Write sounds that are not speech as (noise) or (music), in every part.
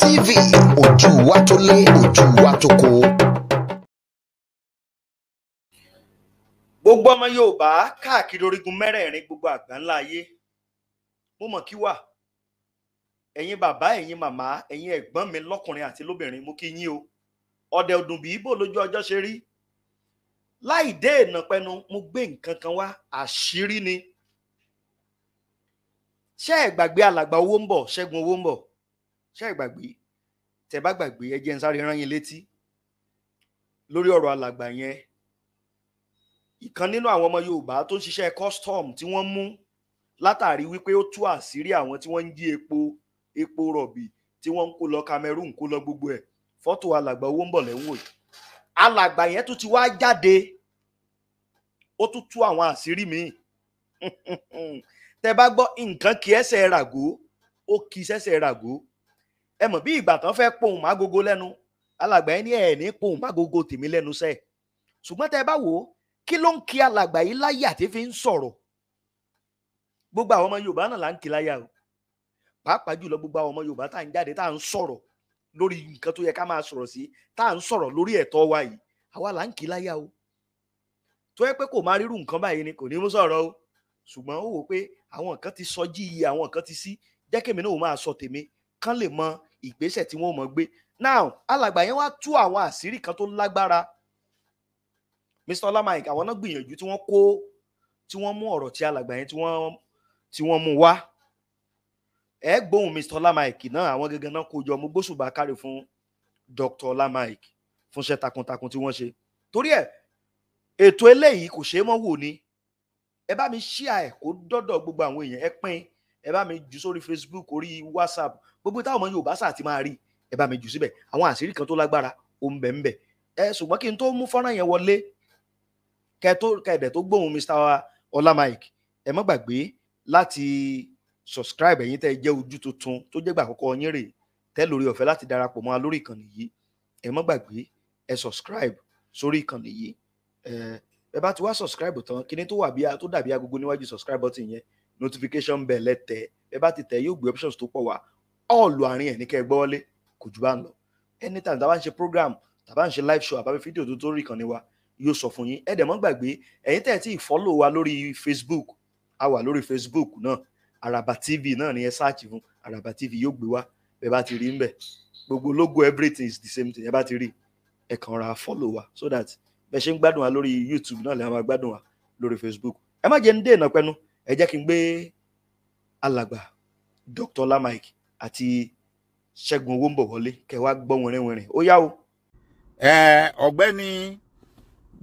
TV ojú wa tó lé ojú wa tó kó. gbogbo ọmọ Yorùbá káàkiri orígun mẹ́rẹ̀ẹ̀rin gbogbo àgbáńlá ayé mo mọ̀ kí wà ẹ̀yin bàbá ẹ̀yin màmá ẹ̀yin ẹ̀gbọ́n mi lọ́kùnrin àti lóbìnrin mo kí yín o ọ̀dẹ̀ ọ̀dùn bí ibo lójú ọjọ́ ṣe rí láì dé èèna pẹnu mo gbé nǹkan kan wá àṣírí ni ṣé ẹ gbàgbé alàgbà owó ń bọ̀ ṣẹ́gun owó ń bọ̀ ṣé ẹ gbàgbé tẹ́ bá gbàgbé ẹ jẹ́ n sáré rán yín létí lórí ọ̀rọ̀ alàgbà yẹn ìkan nínú àwọn ọmọ Yorùbá tó ń ṣiṣẹ́ custom tí wọ́n mú látàrí wípé ó tú àṣírí àwọn tí wọ́n ń jí epo epo rọ̀bì tí wọ́n ń kó lọ Cameroon kó lọ gbogbo ẹ̀ fọ́tò alàgbà owó ń bọ̀ lẹ́wọ̀ yìí alàgbà yẹn tún ti wá jáde ó tún tú àwọn àṣírí míì (laughs) tẹ́ bá gbọ́ nǹkan kì í ràgó ó kì í ràgó ẹ mọ̀ bí ìgbà tán fẹ́ pohùn mágogo lẹ́nu alàgbà yẹn ní ẹ̀ ní pohùn mágogo tèmi lẹ́nu sẹ́ẹ̀ ṣùgbọ́n tẹ́ ẹ bá wò ó kí ló ń kí alàgbà yìí láyà tí fi ń sọ̀rọ̀ gbogbo àwọn ọmọ Yorùbá náà là ń kí láyà o pàápàá jùlọ gbogbo àwọn ọmọ Yorùbá tá à ń jáde tá à ń sọ̀rọ̀ lórí nǹkan tó yẹ ká máa sọ̀rọ̀ sí tá à ń sọ̀rọ̀ lórí ẹ̀tọ́ wa yìí àwa là ń kí láyà o tó yẹ pé kò máa rírú nǹkan báyìí ni kò ní mú sọ̀rọ̀ o ṣùgbọ́n ó wò pé àwọn kan ti sọ jí iye àwọn kan ti sí jẹ́ kémi náà máa sọ tèmi kán lè mọ ìgbésẹ̀ tí wọ́n mọ̀ gbé now alàgbà yẹn wá tú àwọn àṣírí kan tó lágbára Mr Olamide àwọn náà gbìyànjú tí wọ́n kó tí wọ́n mú ọ̀rọ̀ tí alàgbà yẹn tí wọ́n tí wọ́n mú wá ẹ gbóhùn Mr Olamide náà àwọn gangan náà kó jọ mú gbósùbà kárì fún Dr Olamide fúnṣẹ́ takuntakun tí wọ́n ṣe torí ẹ̀ ètò eléyìí kò ṣeé mọ́ wò ni ẹ bá mi ṣíà ẹ̀ kó gbogbo àwọn èèyàn ẹ pín ẹ bá mi jù sórí Facebook orí WhatsApp gbogbo táwọn ọmọ Yorùbá sáà ti máa rí ẹ bá mi jù síbẹ̀ àwọn àṣírí kan tó lágbára ó ń bẹ ń bẹ ẹ ṣùgbọ́n kí n tó mú fọ́nrán yẹn wọlé kẹ̀dẹ̀ tó gbóhùn Mr. Ọlá Mike ẹ má gbàgbé láti subscribe ẹ̀yin tẹ́ ẹ jẹ́ ojú tuntun tó jẹ́ gbà àkọ́kọ́ yín rè tẹ́ lórí ọ̀fẹ́ láti darapọ̀ mọ́ lórí ìkànnì yìí ẹ má gbàgbé ẹ subscribe sórí ìkànnì yìí ẹ ẹ bá ti wá subscribe tán kíní tó wà bí tó dàbí agogo níwájú subscribe button yẹn notification bell ẹ tẹ̀ ẹ bá ti tẹ̀ yóò gbé options tó pọ̀ wá ọ̀ọ̀lù àárín ẹ̀ ní kẹ́ ẹ gbọ́wọ́lé kò jù bá ń lọ anytime tá a bá ń ṣe program tá a bá ń ṣe live show àbábí fídíò tó tó rí ìkànnì wa yóò sọ fún yín ẹ dẹ̀ mọ́ gbàgbé ẹ̀yin tẹ̀ tí follow wa lórí Facebook a wà lórí Facebook náà Araba TV náà ni ẹ search fún Araba TV yóò gbé wa ẹ bá ti rí ń bẹ̀ gbogbo logo everything is the same thing ẹ bá ti rí ẹ kàn ra follow wa so that bẹ ṣe ń gbádùn wa lórí YouTube náà lè máa gbádùn wa lórí Facebook ẹ má jẹ́ ń dé ìnà pẹ́nu ẹ jẹ́ kí n gbé alàgbà Dr. Ola àti ṣẹ́gun owó ń bọ̀ wọlé kẹwàá gbọ́ wẹ̀rẹ̀wẹ̀rẹ̀ ó yá o. ẹ ọ̀gbẹ́ni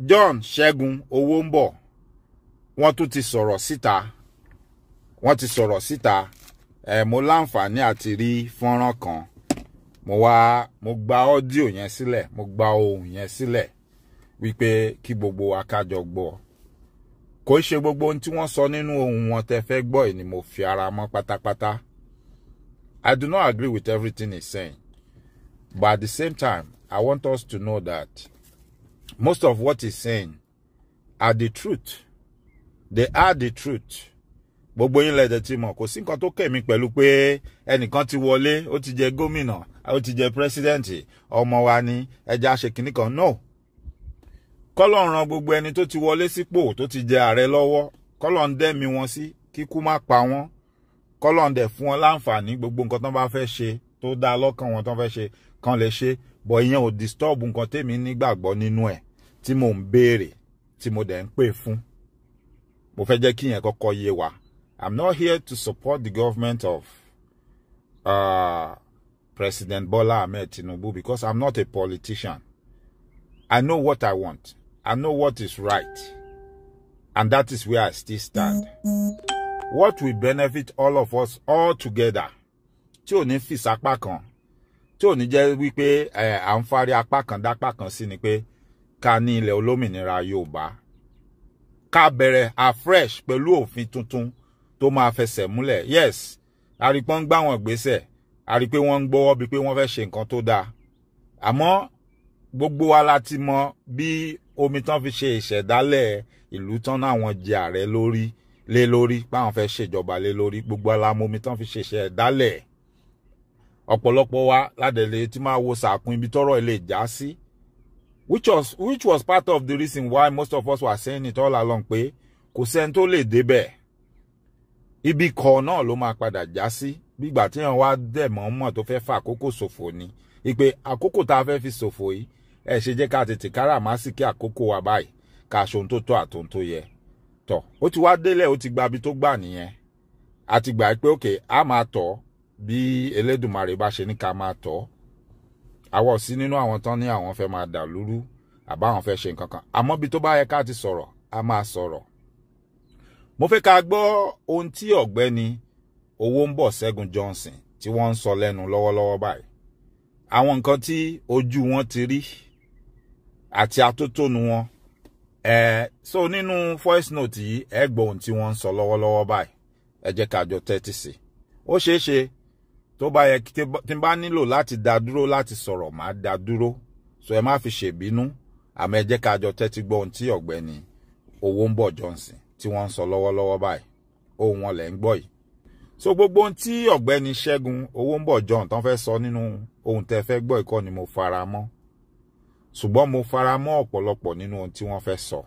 John ṣẹ́gun owó ń bọ̀ wọ́n tún ti sọ̀rọ̀ síta wọ́n ti sọ̀rọ̀ síta ẹ mo láǹfààní àti rí fọ́nrán kan mo wá mo gba ọ́díò yẹn sílẹ̀ mo gba ohùn yẹn sílẹ̀ wípé kí gbogbo akájọ gbọ́ kò ṣe gbogbo ohun tí wọ́n sọ nínú ohun wọn tẹ́ fẹ́ gbọ́ yìí ni mo fi ara mọ́ pátápátá I do not agree with everything he's saying. But at the same time, I want us to know that most of what he's saying are the truth. They are the truth. Gbogbo yín lẹ́dẹ̀ tí mọ̀ kò sí nǹkan tó kẹ̀mí pẹ̀lú pé ẹnìkan ti wọlé ó ti jẹ gómìnà ó ti jẹ pírẹsidẹ́ǹtì ọmọ wa ni ẹja ṣe kìnnì kan no. Kọ́lọ́n ran gbogbo ẹni tó ti wọlé sípò tó ti jẹ ààrẹ lọ́wọ́ kọ́lọ́n dẹ́mi wọn sí kíkú má pa wọ́n kọ́lọ́n dẹ̀ fún wọn láǹfààní gbogbo nǹkan tán bá fẹ́ ṣe tó dá lọ́kàn wọn tán fẹ́ ṣe kan lè ṣe bọ̀ ìyẹn ò disturb nǹkan tèmi nígbàgbọ́ nínú ẹ̀ tí mò ń béèrè tí mo dẹ̀ ń pè fún mo fẹ́ jẹ́ kí yẹn kọ́kọ́ yé wa I'm not here to support the government of uh, President Bola Ahmed Tinubu because I'm not a politician I know what I want I know what is right and that is where I still stand. Mm -hmm what will benefit all of us all together tí ò ní fìsà apá kan tí ò ní jẹ́ wípé à ń fárí apá kan dápá kan sí ni pé ká ní ilẹ̀ olómìnira Yorùbá ká bẹ̀rẹ̀ afresh pẹ̀lú òfin tuntun tó máa fẹsẹ̀ múlẹ̀ yes a rí pé wọ́n ń gbá wọn gbésẹ̀ a rí pé wọ́n ń gbọ́wọ́ bíi pé wọ́n fẹ́ ṣe nǹkan tó dáa àmọ́ gbogbo wa la ti mọ bí omi tán fi ṣe ìṣẹ̀dálẹ̀ ìlú tán náà wọ́n jẹ ààrẹ lórí lé lórí báwọn fẹ́ ṣèjọba lé lórí gbogbo alamomi tán fi ṣẹ̀ṣẹ̀ dálẹ̀ ọ̀pọ̀lọpọ̀ wa ládẹ̀lẹ̀ tí máa wo sàkún ibi tọ́rọ̀ ilé ìjà sí which was which was part of the reason why most of us were saying it all along pé kò sẹ́ni tó lè débẹ̀ ibi kan náà ló máa padà já sí gbígbà téèyàn wá dẹ̀ mọ́ mọ̀ tó fẹ́ fa àkókò ṣòfò ni ìpè àkókò tá a fẹ́ fi ṣòfò yìí ẹ ṣe jẹ́ ká tètè káràmásìkí àkókò wa báyìí ká aṣohun tó tọ́ àtòhun yẹ tọ̀ ó ti wá délẹ̀ ó ti gba bi tó gbà nìyẹn a ti gbà pé òkè a máa tọ̀ bí Elédùmarè bá ṣe ní ká máa tọ̀ àwa ò sí nínú àwọn tán ní àwọn fẹ́ máa dà lúrú àbáwọn fẹ́ ṣe nǹkan kan àmọ́ bí tó bá yẹ ká ti sọ̀rọ̀ a máa sọ̀rọ̀ mo fẹ́ ká gbọ́ ohun tí ọ̀gbẹ́ni Owónbọ̀ Ṣẹ́gun Johnson tí wọ́n ń sọ lẹ́nu lọ́wọ́lọ́wọ́ báyìí àwọn nǹkan tí ojú wọn ti rí àti atótónu wọn ẹ so nínú voice note yìí ẹ gbọ́ ohun tí wọ́n ń sọ lọ́wọ́lọ́wọ́ báyìí ẹ jẹ́ ká jọ tẹ́tí sí i ó ṣeé ṣe tó bá yẹ tí n bá nílò láti dá dúró láti sọ̀rọ̀ máa dá dúró so ẹ má fi ṣèbínú àmọ́ ẹ jẹ́ ká jọ tẹ́tí gbọ́ ohun tí ọ̀gbẹ́ni Owónbọ̀ Johnson tí wọ́n ń sọ lọ́wọ́lọ́wọ́ báyìí ohun wọn lẹ̀ ń gbọ́ yìí so gbogbo ohun tí ọ̀gbẹ́ni Ṣẹ́gun Owónbọ̀ John tán fẹ́ sọ nínú ohun tẹ́ fẹ́ gbọ́ ìkọ́ ni mo fara mọ́ ṣùgbọ́n mo fara mọ́ ọ̀pọ̀lọpọ̀ nínú ohun tí wọ́n fẹ́ sọ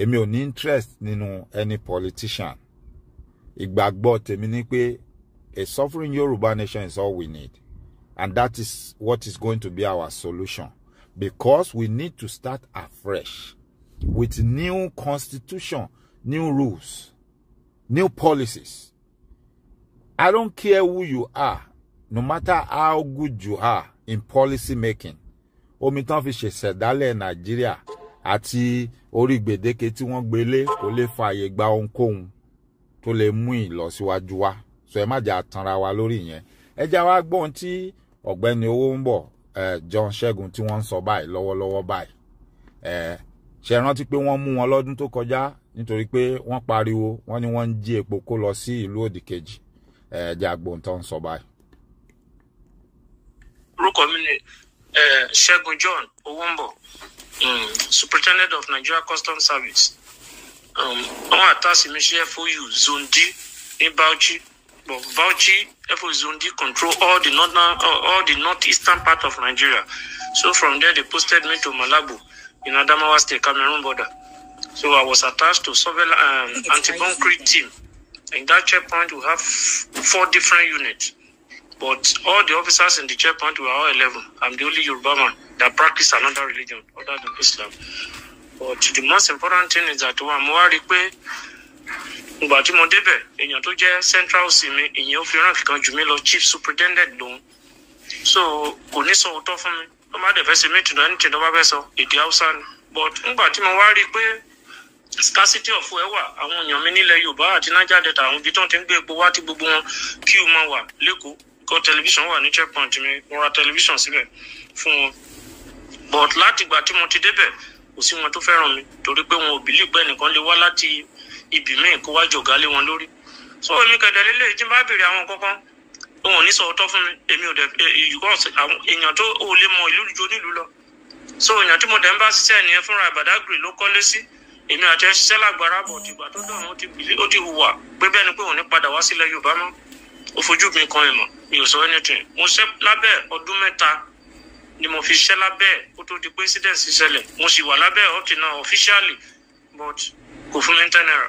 èmi ò ní interest nínú any politician ìgbàgbọ́ tèmi ni pé a suffering Yorùbá nation is all we need and that is what is going to be our solution because we need to start afresh with new constitution new rules new policies I don't care who you are no matter how good you are in policy making omi tán fi ṣèṣẹ̀dálẹ̀ nàìjíríà àti orí gbèdéke tí wọ́n gbé lé kò lè fààyè gba ohunkóhun tó lè mú ìlọsíwájú wa so ẹ má jà tanra wa lórí yẹn ẹ já wa gbọ́n tí ọ̀gbẹ́ni Owónbọ̀ John Ṣẹ́gun tí wọ́n ń sọ báyìí lọ́wọ́lọ́wọ́ báyìí ṣe rántí pé wọ́n mú wọn lọ́dún tó kọjá nítorí pé wọ́n pariwo wọ́n ní wọ́n ń jí epo kó lọ sí ìlú òdìkejì ẹ já gbọ́n tó ń sọ báyìí. orúkọ mi ni ṣẹ́gun eh, john Owombo, um, mm, superintendent of nigeria customs service um, àwọn àtàsí mi ṣe fou zone d ní bauchi but bauchi fou zone d control all the northern uh, all the northeastern part of nigeria so from there they posted me to malabo in adamawa state cameroon border so i was attached to several um, anti-bunkering team in that checkpoint we have four different units. But all the officers in the checkpoint were all 11. I'm the only Yoruba man that practice another religion other than Islam. But the most important thing is that wa mo wá rí i mo débẹ̀ èèyàn tó jẹ́ central sí mi èèyàn ó fi ràn kankan jù mí lọ chief superintendent lòun. So kò ní sọ òótọ́ fún mi. Tó bá dẹ̀ fẹ́ ṣe méjì náà ní tí tó bá sọ èdè Hausa ni. But ńgbà tí mo wá rí pé scarcity of fuel wà àwọn èèyàn mi nílẹ̀ Yorùbá àti Niger Delta àwọn ibi tí wọ́n ti ń gbé epo wá tí gbogbo wọn kí o máa wà lẹ́kọ̀ọ́. Go television wà ní checkpoint mi mo ra television síbẹ̀ fún wọn but látìgbà tí mo ti débẹ̀ kò sí wọn tó fẹ́ràn mi torí pé wọn ò bìlí pé ẹnìkan lè wá láti ibì míì kó wá jọ̀gá lé wọn lórí so èmi kẹ̀dẹ̀ lélẹ̀ tí n bá béèrè àwọn kankan wọn ò ní sọ ọtọ́ fún mi èmi ò dẹ̀ because eh, èèyàn tó ò lè mọ ìlú jo nílùú lọ so èèyàn tí mo dẹ̀ ń bá ṣiṣẹ́ nìyẹn fúnra Badagry ló kọ́lé sí èmi àti ẹ̀ ṣiṣẹ́ lágbára bọ̀ tìgbà tó dọ̀ wọn ó ti hùwà pé bẹ́ẹ̀ pé òun ní padà wá sílẹ̀ Yorùbá mọ́ ó fojú mi kan ìmọ̀ mi ò sọ anything mo ṣe lábẹ́ ọdún mẹ́ta ni mo fi ṣe lábẹ́ kó tó di pé incident mo sì wà lábẹ́ ọ̀tí náà officially but kò fún mi ten naira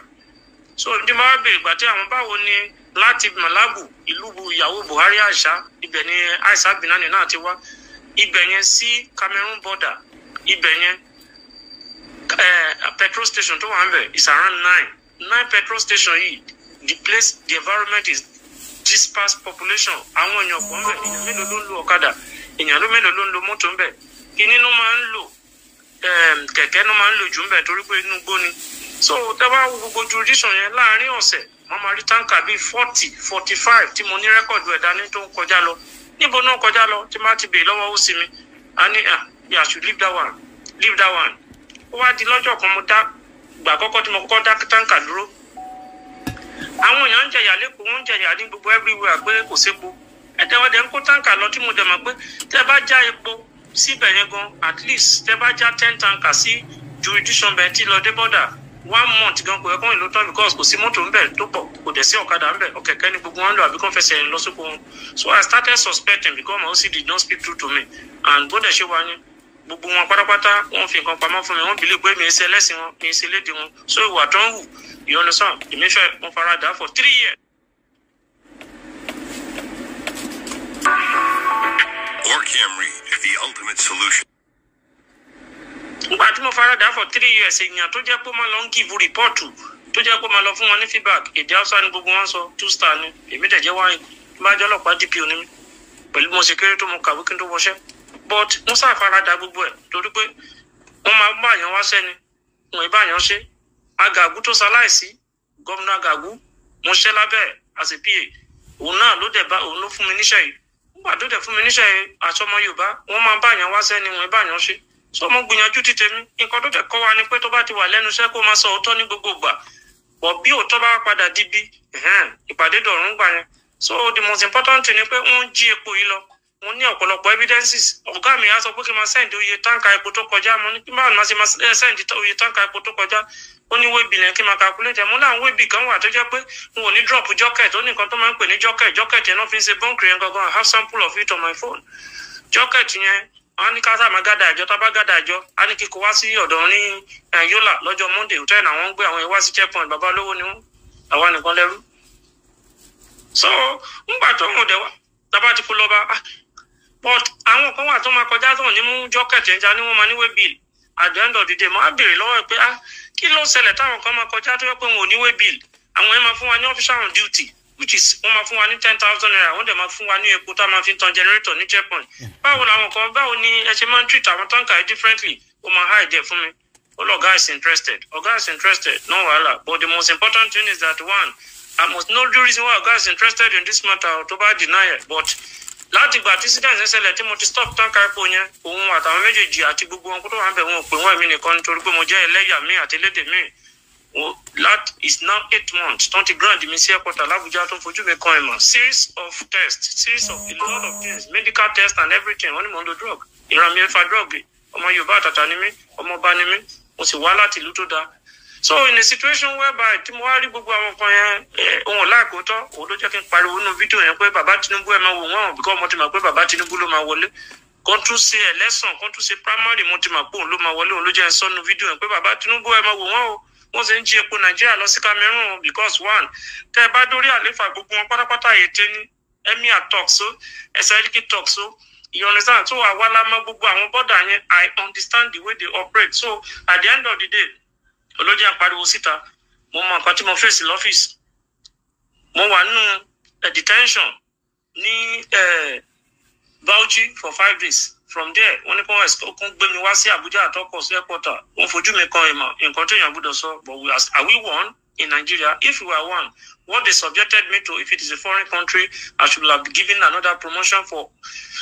so ní máa bèrè ìgbà tí àwọn báwo ni láti Malabu ìlú ìyàwó Buhari àṣà ibẹ̀ ni Aisha Binani náà ti wá ibẹ̀ yẹn sí Cameroon border ibẹ̀ yẹn petrol station tó wà ń bẹ̀ is around nine nine petrol station yìí the place the environment is dispersed population àwọn èèyàn pọ̀ ńbẹ̀ èèyàn mélòó ló ń lo ọ̀kadà èèyàn ló mélòó ló ń lo mọ́tò ńbẹ̀ kíní ló máa ń lò ehm, kẹ̀kẹ́ ló máa ń lò jù ńbẹ̀ torí pé inú gbóni so tẹ́ bá wo gbogbo jurisdiction yẹn láàárín ọ̀sẹ̀ wọ́n máa rí táǹkà bíi forty forty five tí mo ní rẹ́kọ̀dù ẹ̀dá ní tó ń kọjá lọ níbo náà kọjá lọ tí má ti bèè lọ́wọ́ ó sì mi a ní à yà sùn leave that one leave that one ó wá di lọ́jọ́ kan mo dá gbà kọ́kọ́ tí mo kọ́kọ́ dá táǹkà dúró àwọn èèyàn ń jẹyà lẹ́kọ̀ọ́ wọ́n ń jẹyà ní gbogbo everywhere pé kò sépo ẹ̀tẹ́wọ́dẹ̀ ń kó táǹkà lọ tí mo dẹ̀ mọ̀ pé tẹ́ bá já epo síbẹ̀ yẹn gan at least tẹ́ bá já ten tanka sí jurisdiction bẹ̀ tí lọ dé bọ́dà one month gan kò yẹ ìlú tán because kò sí mọ́tò ńbẹ̀ tó pọ̀ kò dẹ̀ sí ọ̀kadà ńbẹ̀ ọ̀kẹ̀kẹ́ ni gbogbo wọn lò àbí kò fẹsẹ̀ rìn lọ sóko wọn so I started suspecting because my OCD don speak true to me and bó dẹ̀ ṣe wá gbogbo wọn pátápátá wọn fi nǹkan pamọ́ fún mi wọn bìlẹ̀ pé mi ń ṣe ẹlẹ́sìn wọn mi ń ṣe léde wọn so ìwà tó ń wù you understand èmi fẹ́ mo fara dà for three years. Or Camry, the ultimate solution ìgbà tí mo fara dà for three years èèyàn tó jẹ́ pé máa lọ ń give report tó jẹ́ pé máa lọ fún wọn ní feedback èdè hausa ni gbogbo wọn sọ two star ni èmi dẹ̀ jẹ́ wáyé máa jẹ́ ọlọ́pàá dp onímí pẹ̀lú mo ṣe kéré tó mo kàwé kí n tó wọṣẹ́ but musa farada gbogbo ẹ̀ torí pé wọ́n máa ń báyàn wá sẹ́ni wọ́n ì ṣe agagu tó ṣaláìsí gómìnà agagu mo ṣẹ́ lábẹ́ as a pa òun náà ló dẹ bá òun ló fún mi níṣẹ́ yìí nígbà tó fún mi níṣẹ́ yìí àṣọmọ yorùbá máa wá ì ṣe bá ti wà kó sọ ní gbogbo bí bá padà ìpàdé so the most important thing ni pé epo yìí mo ní ọ̀pọ̀lọpọ̀ evidences ọ̀gá mi á sọ pé kí n máa send oye táǹkà epo tó kọjá mo ní kí n bá máa ṣe máa eh, send oye táǹkà epo tó kọjá ó ní wébì lẹ́yìn kí n máa calculate ẹ̀ mo láwọn wébì kan wà tó jẹ́ pé n ò ní drop jocket ó ní nǹkan tó máa ń pè ní jocket yẹn náà fi ń ṣe bọ́ǹkì yẹn gangan sample of on my phone yẹn ní máa gádà àjọ tá bá gádà àjọ á ní kíkó wá sí ọ̀dọ̀ ní eh, Yola lọ́jọ́ Monday but àwọn kan wà tó máa kọjá tó ní mú jọ́kẹ̀tì ẹja ni wọ́n máa níwé bill at the end of the day máa béèrè lọ́wọ́ pé ah kí ló ṣẹlẹ̀ táwọn kan máa kọjá tó yẹ pé wọn ò níwé bill àwọn yẹn máa fún wa ní official on duty which is wọ́n máa fún wa ní ten thousand naira wọ́n dẹ̀ máa fún wa ní epo tá a máa fi tan generator ní checkpoint hmm. báwo làwọn kan báwo ni ẹ ṣe máa ń treat àwọn táǹkà yìí differently ó máa hide ẹ̀ fún mi all oga is interested oga is interested no wahala but the most important thing is that one i must know the reason why oga is interested in this matter or to buy deny it but láti ìgbà tí sídẹ̀ǹsì ṣẹlẹ̀ tí mo ti stop tanka epo yẹn òun àtàwọn méjèèjì àti gbogbo wọn kó tó wà bẹ̀ wọn ò pè wọ́n èmi nìkan nítorí pé mo jẹ́ ẹlẹ́yà mi àti elédè mi that is now eight months twenty grand mi sí airport Abuja tó fojú mi kan ìmọ̀ series of tests series of a lot of things medical tests and everything wọ́n ní mò ń lo drug ìran mi fa drug ọmọ Yorùbá àtàtà ni mí ọmọ ọba ni mí mo sì wá láti ìlú tó dáa so in a situation whereby tí mo wá rí gbogbo àwọn kan yẹn eh, ohun láàkótọ́ òun ló jẹ́ kí n pariwo nínú fídíò yẹn pé bàbá Tinubu ẹ̀ máa wò wọ́n bíkọ́ mo ti mọ̀ pé bàbá Tinubu ló máa wọlé kan tún ṣe ẹlẹ́sàn kan tún ṣe primary mo ti mọ̀ pé òun ló máa wọlé òun ló jẹ́ ń sọ́nu fídíò yẹn pé bàbá Tinubu ẹ̀ máa wò wọ́n o wọ́n ṣe ń jí epo Nàìjíríà lọ sí Cameroon because one tẹ́ ẹ bá dórí àléfà gbogbo wọn pátápátá yìí tẹ́ ní emir tọ́ksó ẹ̀sẹ̀ríkì tọ́ksó you understand so àwa la gbogbo àwọn bọ́dà yẹn I understand the way they operate so at the end of the day olójà pariwo síta mo mọ nǹkan tí mo fèsì lọ́fíìsì mo wà nínú eh, detention ní eh, Bauchi for five days from there wọ́n ní kí wọ́n ẹ̀sìkọ́kún gbé mi wá sí Abuja àtọkọ̀ sí airport wọ́n fojú mi kan ìmọ̀ nǹkan tó yàn gbọ́dọ̀ sọ but we are we one in Nigeria if we are one what they subjected me to, if it is a foreign country, I should have given another promotion for.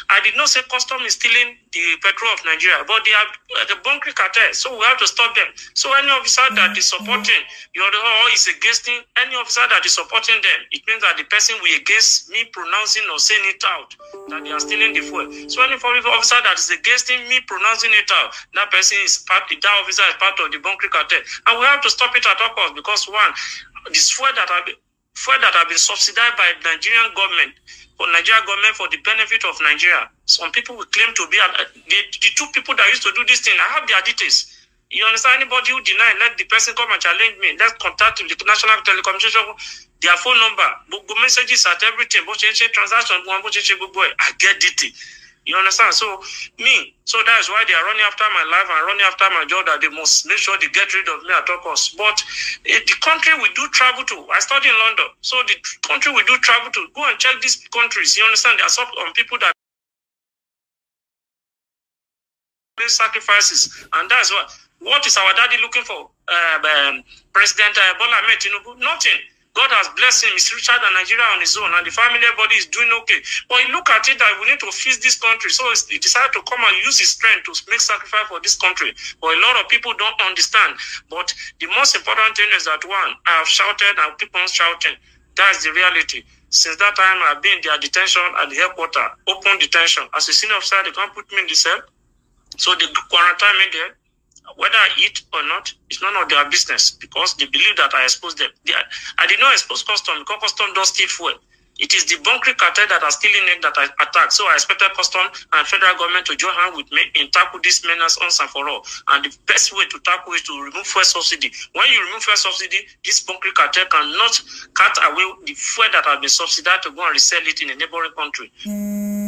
I did not say custom is stealing the petrol of Nigeria, but they are uh, the bunkery cartel, so we have to stop them. So any officer that is supporting your or is against any officer that is supporting them, it means that the person will against me pronouncing or saying it out that they are stealing the fuel. So any foreign officer that is against me pronouncing it out, that person is part, that officer is part of the bunkery cartel, and we have to stop it at all costs because one, this fuel that I fuel that have been subsidized by Nigerian government for Nigerian government for the benefit of Nigeria. Some people will claim to be uh, the, the two people that used to do this thing. I have their details. You understand? Anybody who deny, let the person come and challenge me. Let's contact the National Telecommunication, their phone number, Google messages at everything, both transaction, I get it. You understand? So me, so that is why they are running after my life and running after my job that they must make sure they get rid of me at all costs. But eh, the country we do travel to, I study in London, so the country we do travel to, go and check these countries. You understand? They are sub on people that sacrifices, and that's what. What is our daddy looking for? Uh, um, President uh, Bola Ahmed Nothing. God has blessed him. He's richer than Nigeria on his own, and the family body is doing okay. But he look at it that we need to fix this country. So he decided to come and use his strength to make sacrifice for this country. But a lot of people don't understand. But the most important thing is that one, I have shouted and keep on shouting. That's the reality. Since that time, I've been in their detention at the headquarters, open detention. As a senior officer, they can't put me in the cell. So they quarantine me there whether I eat or not, it's none of their business because they believe that I expose them. They, I did not expose custom because custom don't steal fuel. It is the bunkery cartel that are stealing it that I attacked. So I expected custom and federal government to join hand with me in tackle this menace once and for all. And the best way to tackle is to remove fuel subsidy. When you remove fuel subsidy, this bunkery cartel cannot cut away the fuel that has been subsidized to go and resell it in a neighboring country. Mm.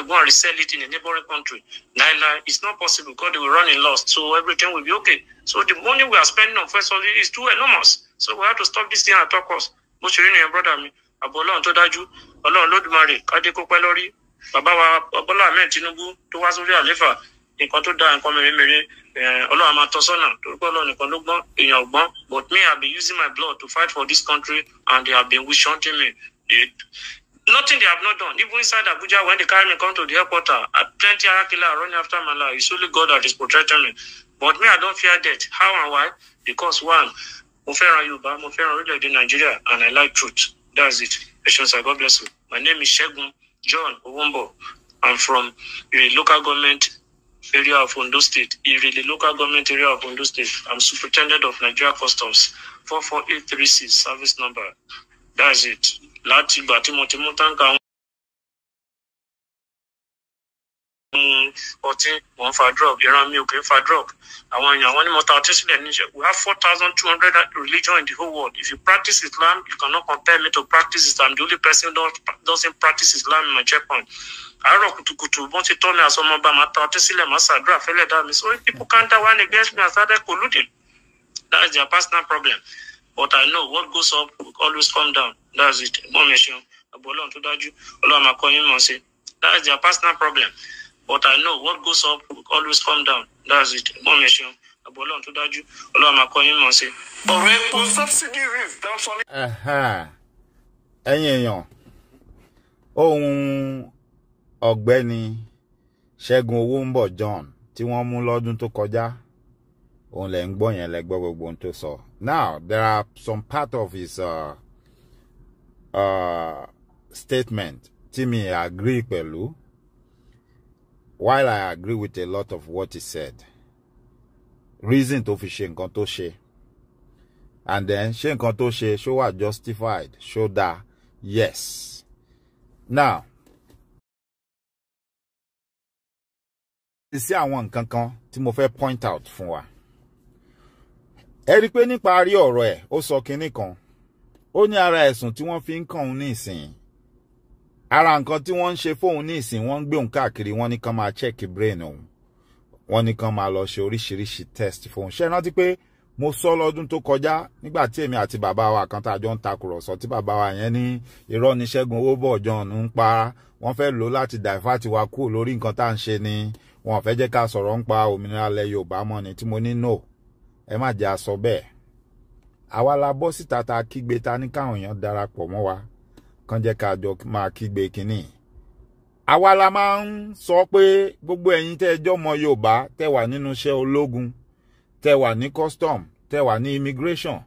to go and resell it in a neighboring country. Nine, nine, it's not possible because they will run in loss. So everything will be okay. So the money we are spending on first of all is too enormous. So we have to stop this thing at all costs. Mo ṣe rí nìyẹn brọ́dà mi, àbọ̀ Ọlọ́run tó dájú, Ọlọ́run Lódùmarè, Kádé kó pẹ́ lórí, wa Bọ́lá Ahmed Tinubu tó wá sórí àléfà, da tó mere. nǹkan mèremère, eh, Ọlọ́run máa tọ́ sọ́nà, torúkọ Ọlọ́run nìkan ló gbọ́n, èèyàn gbọ́n. But me, I have been using my blood to fight for this country and they have been wishing me. Eh, Nothing they have not done. Even inside Abuja, when they carry me come to the airport, uh, plenty of killer running after my life. It's only God that is protecting me. But me, I don't fear death. How and why? Because one, mo fẹ́ràn Yorùbá, mo fẹ́ràn orílẹ̀-èdè Nàìjíríà, and I like truth. That's it. Ẹ̀sùn sir, God bless you. My name is Ṣẹ́gun John Owombo. I'm from the local government area of Ondo State. the local government area of Ondo State. I'm superintendent of Nigeria Customs. 44836 service number. That's it láti ìgbà tí mo ti mú táǹkà wọn mú ọtí mò ń fa drug ìran mi ò kì í fa drug àwọn èèyàn wọn ni mo ta ọtí sílẹ̀ níṣẹ́ we have four thousand two hundred religion in the whole world if you practice Islam you cannot compare me to practice Islam the only person who doesn't practice Islam in my checkpoint àárọ̀ kùtùkùtù bọ́n ti tọ́ mi àsọmọba màá ta ọtí sílẹ̀ màá ṣàdúrà fẹ́lẹ̀ dá mi so if people can't die one against me I started colluding that is their personal problem but i know what goes up will always come down that's it ẹ̀gbọ́n mi ṣeun àbọ̀ ọlọ́run tó dájú ọlọ́run máa kọ́ yín that's their personal problem but i know what goes up will always come down that's it ẹ̀gbọ́n mi ṣeun àbọ̀ ọlọ́run tó dájú ọlọ́run máa kọ́ yín mọ̀ sí. ọ̀rẹ́ kò subsidy rate that's all. ẹ̀yin ohun ọ̀gbẹ́ni ṣẹ́gun owó ń bọ̀ john tí wọ́n mú lọ́dún tó kọjá òun lẹ̀ ń gbọ́ yẹn lẹ gbọ́ gbogbo ohun tó sọ Now, there are some part of his uh, uh, statement Timi mi agree pẹ̀lú while I agree with a lot of what he said reason tó fi ṣe and then ṣé nǹkan show what justified show dáa yes now sí àwọn nǹkan kan tí point out for? ẹ rí i pé níparí ọ̀rọ̀ ẹ̀ ó sọ kinní kan ó ní ara ẹ̀sùn tí wọ́n fi ń kàn òun ní ìsìn ara nǹkan tí wọ́n ń ṣe fóun ní ìsìn wọ́n ń gbé òun káàkiri wọ́n ní kàn máa check brain òun wọ́n ní kàn máa lọ ṣe oríṣiríṣi test fóun ṣe rántí pé mo sọ lọ́dún tó kọjá nígbà tí èmi àti bàbá wa kan tá a jọ ń takùrọ̀sọ tí bàbá wa yẹn ní irọ́ ní Ṣẹ́gun Owóbọ̀jọ́ ń pa wọ́n fẹ́ lò láti dàìfàtì wa kú lórí nǹkan tá à ń ṣe ni wọn ò fẹ́ jẹ́ ká sọ̀rọ̀ ń pa òmìnira ilẹ̀ Yorùbá mọ́ tí mo ní no ẹ má jẹ́ àsọ bẹ́ẹ̀ àwa la bọ́ síta ta kígbe ta ní káwọn èèyàn darapọ̀ mọ́ wa kàn jẹ́ ká jọ máa kígbe kínní àwa la máa ń sọ pé gbogbo ẹ̀yin tẹ́ ẹ mọ Yorùbá tẹ́ wà nínú iṣẹ́ ológun tẹ́ wà ní custom tẹ́ wà ní immigration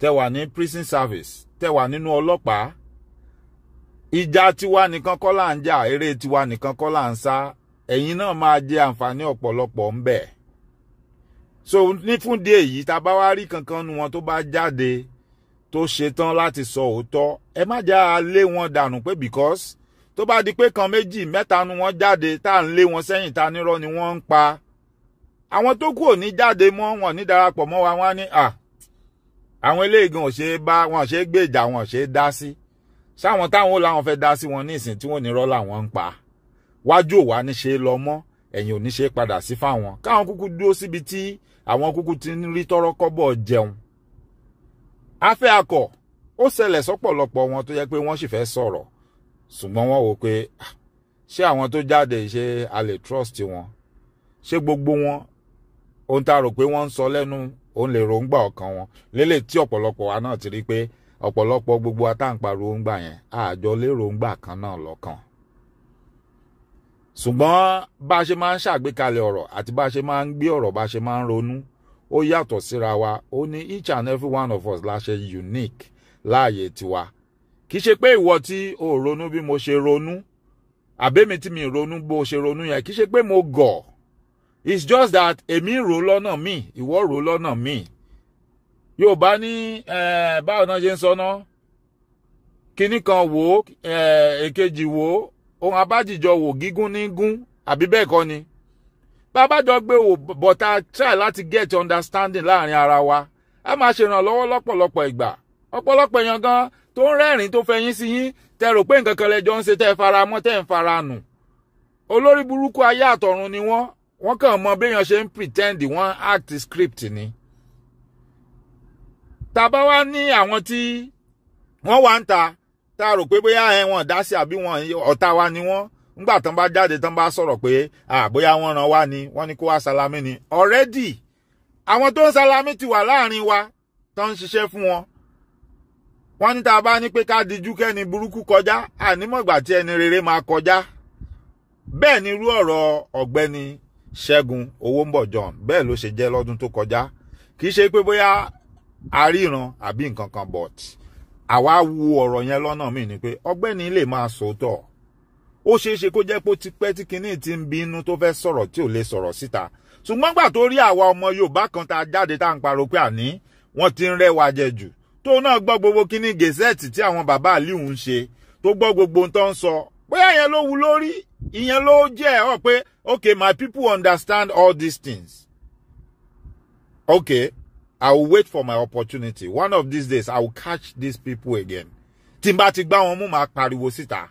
tẹ́ wà ní prison service tẹ́ wà nínú ọlọ́pàá ìjà tiwa nìkan kọ́ là ń jà eré tiwa nìkan kọ́ là ń sá ẹ̀yin náà máa jẹ àǹfààní ọ̀pọ̀lọpọ̀ ń bẹ̀ẹ́ so ní fún díẹ̀ yìí tá a bá wá rí kankan nu wọn tó bá jáde tó ṣetán láti sọ òótọ́ ẹ má já a lé wọn dànù pé because tó bá di pé kan méjì mẹ́ta nu wọn jáde tá à ń lé wọn sẹ́yìn ta nírọ́ ni wọ́n ń pa àwọn tó kù ò ní jáde mọ́ wọn ní darapọ̀ mọ́ wa wọn ní à àwọn eléègùn ò ṣe é bá wọn ò ṣe é gbèjà wọn ò ṣe é dá sí sáwọn táwọn ó láwọn fẹ́ dá sí wọn ní ìsìn tí wọ́n nírọ́ làwọn ń pa wájú òwa ní ṣe é lọ mọ́ ẹ̀yìn ò ní ṣe padà sí fáwọn káwọn kúkú dúró síbi tí àwọn kúkú ti ń rí tọ́rọ́ kọ́bọ̀ jẹun afẹ́ akọ ó ṣẹlẹ̀ sọ́pọ̀lọpọ̀ wọn tó yẹ pé wọ́n sì fẹ́ sọ̀rọ̀ ṣùgbọ́n wọ́n wò pé ah, ṣé àwọn tó jáde ṣe a lè trust wọn ṣé gbogbo wọn ohun tá a rò pé wọ́n ń sọ lẹ́nu òun lè ròǹgbà ọkàn wọn lélẹ̀ tí ọ̀pọ̀lọpọ̀ wa náà ti rí pé ọ̀pọ̀lọpọ̀ gbogbo wa tá à ń pariwo ń gbà yẹn àjọ léròǹgbà kan náà lọ́kàn ṣùgbọ́n bá a ṣe máa ń ṣàgbékalẹ̀ ọ̀rọ̀ àti bá a ṣe máa ń gbé ọ̀rọ̀ bá a ṣe máa ń ronú ó yàtọ̀ síra wa ó ní each and every one of us la unique láàyè tiwa kì í ṣe pé ìwọ tí o ronú bí mo ṣe ronú àbẹ́mi tí mi ronú bó ṣe ronú yẹn kì í ṣe pé mo gọ̀ it's just that èmi rò lọ́nà mi ìwọ rò lọ́nà mi yorùbá ní báwo náà ṣe ń sọ náà kinní kan wò ó èkejì wò ó ohun abájìjọ wò gígún ní gún àbí bẹ́ẹ̀ kọ́ ni bàbá jọ gbé wò bọ̀tà try láti get understanding láàrin ara wa a máa ṣèrànlọ́wọ́ lọ́pọ̀lọpọ̀ ìgbà ọ̀pọ̀lọpọ̀ èèyàn gan tó ń rẹ́rìn tó fẹ̀yìn sí yín tẹ rò pé nǹkan kan lẹjọ ń ṣe tẹ fara mọ́ tẹ ń fara nù olórí burúkú ayé àtọ̀run ni wọ́n wọ́n kàn mọ béèyàn ṣe ń pretend wọ́n act script ni tàbá wá ní àwọn tí wọ́n wá ń ta tá a rò pé bóyá ẹ wọn dá sí àbí wọn ọ̀tá wa ni wọ́n ńgbà tán bá jáde tán bá sọ̀rọ̀ pé àbóyá wọ́n ràn wá ni wọ́n ní kó wá salami ni already àwọn tó ń salami ti wà láàrin wa tó ń ṣiṣẹ́ fún wọn wọ́n ní tá a bá ní pé ká dijú kẹ́ni burúkú kọjá ànímọ̀gbà tí ẹni rere máa kọjá bẹ́ẹ̀ ni irú ọ̀rọ̀ ọ̀gbẹ́ni ṣẹ́gun owóńbọ̀ john bẹ́ẹ̀ ló ṣe jẹ́ lọ́dún tó kọjá kì í ṣe pé bóyá àríran àbí nǹkan kan but àwa wo ọ̀rọ̀ yẹn lọ́nà míì ni pé ọgbẹ́ni lè máa sòótọ́ ó ṣeé ṣe kó jẹ́ pé ó ti pẹ́ tí kinní ti ń bínú tó fẹ́ sọ̀rọ̀ tí ò lè sọ̀rọ̀ síta ṣùgbọ́n gbà tó rí àwa ọmọ Yorùbá kan tá jáde tá à ń pariwo pé àní wọ́n ti ń rẹ́wà jẹ jù tó náà gbọ́ gbogbo kinní gẹ̀ẹ́sẹ̀tì tí àwọn bàbá àlíù ń ṣe tó gbọ́ gbogbo ohun tó ń sọ bóyá ìyẹn ló wu lórí ìyẹn ló jẹ́ ẹ̀ pé okay my people understand all these things okay I will wait for my opportunity. One of these days, I will catch these people again. Tí n bá ti gbá wọn mú máa pariwo síta.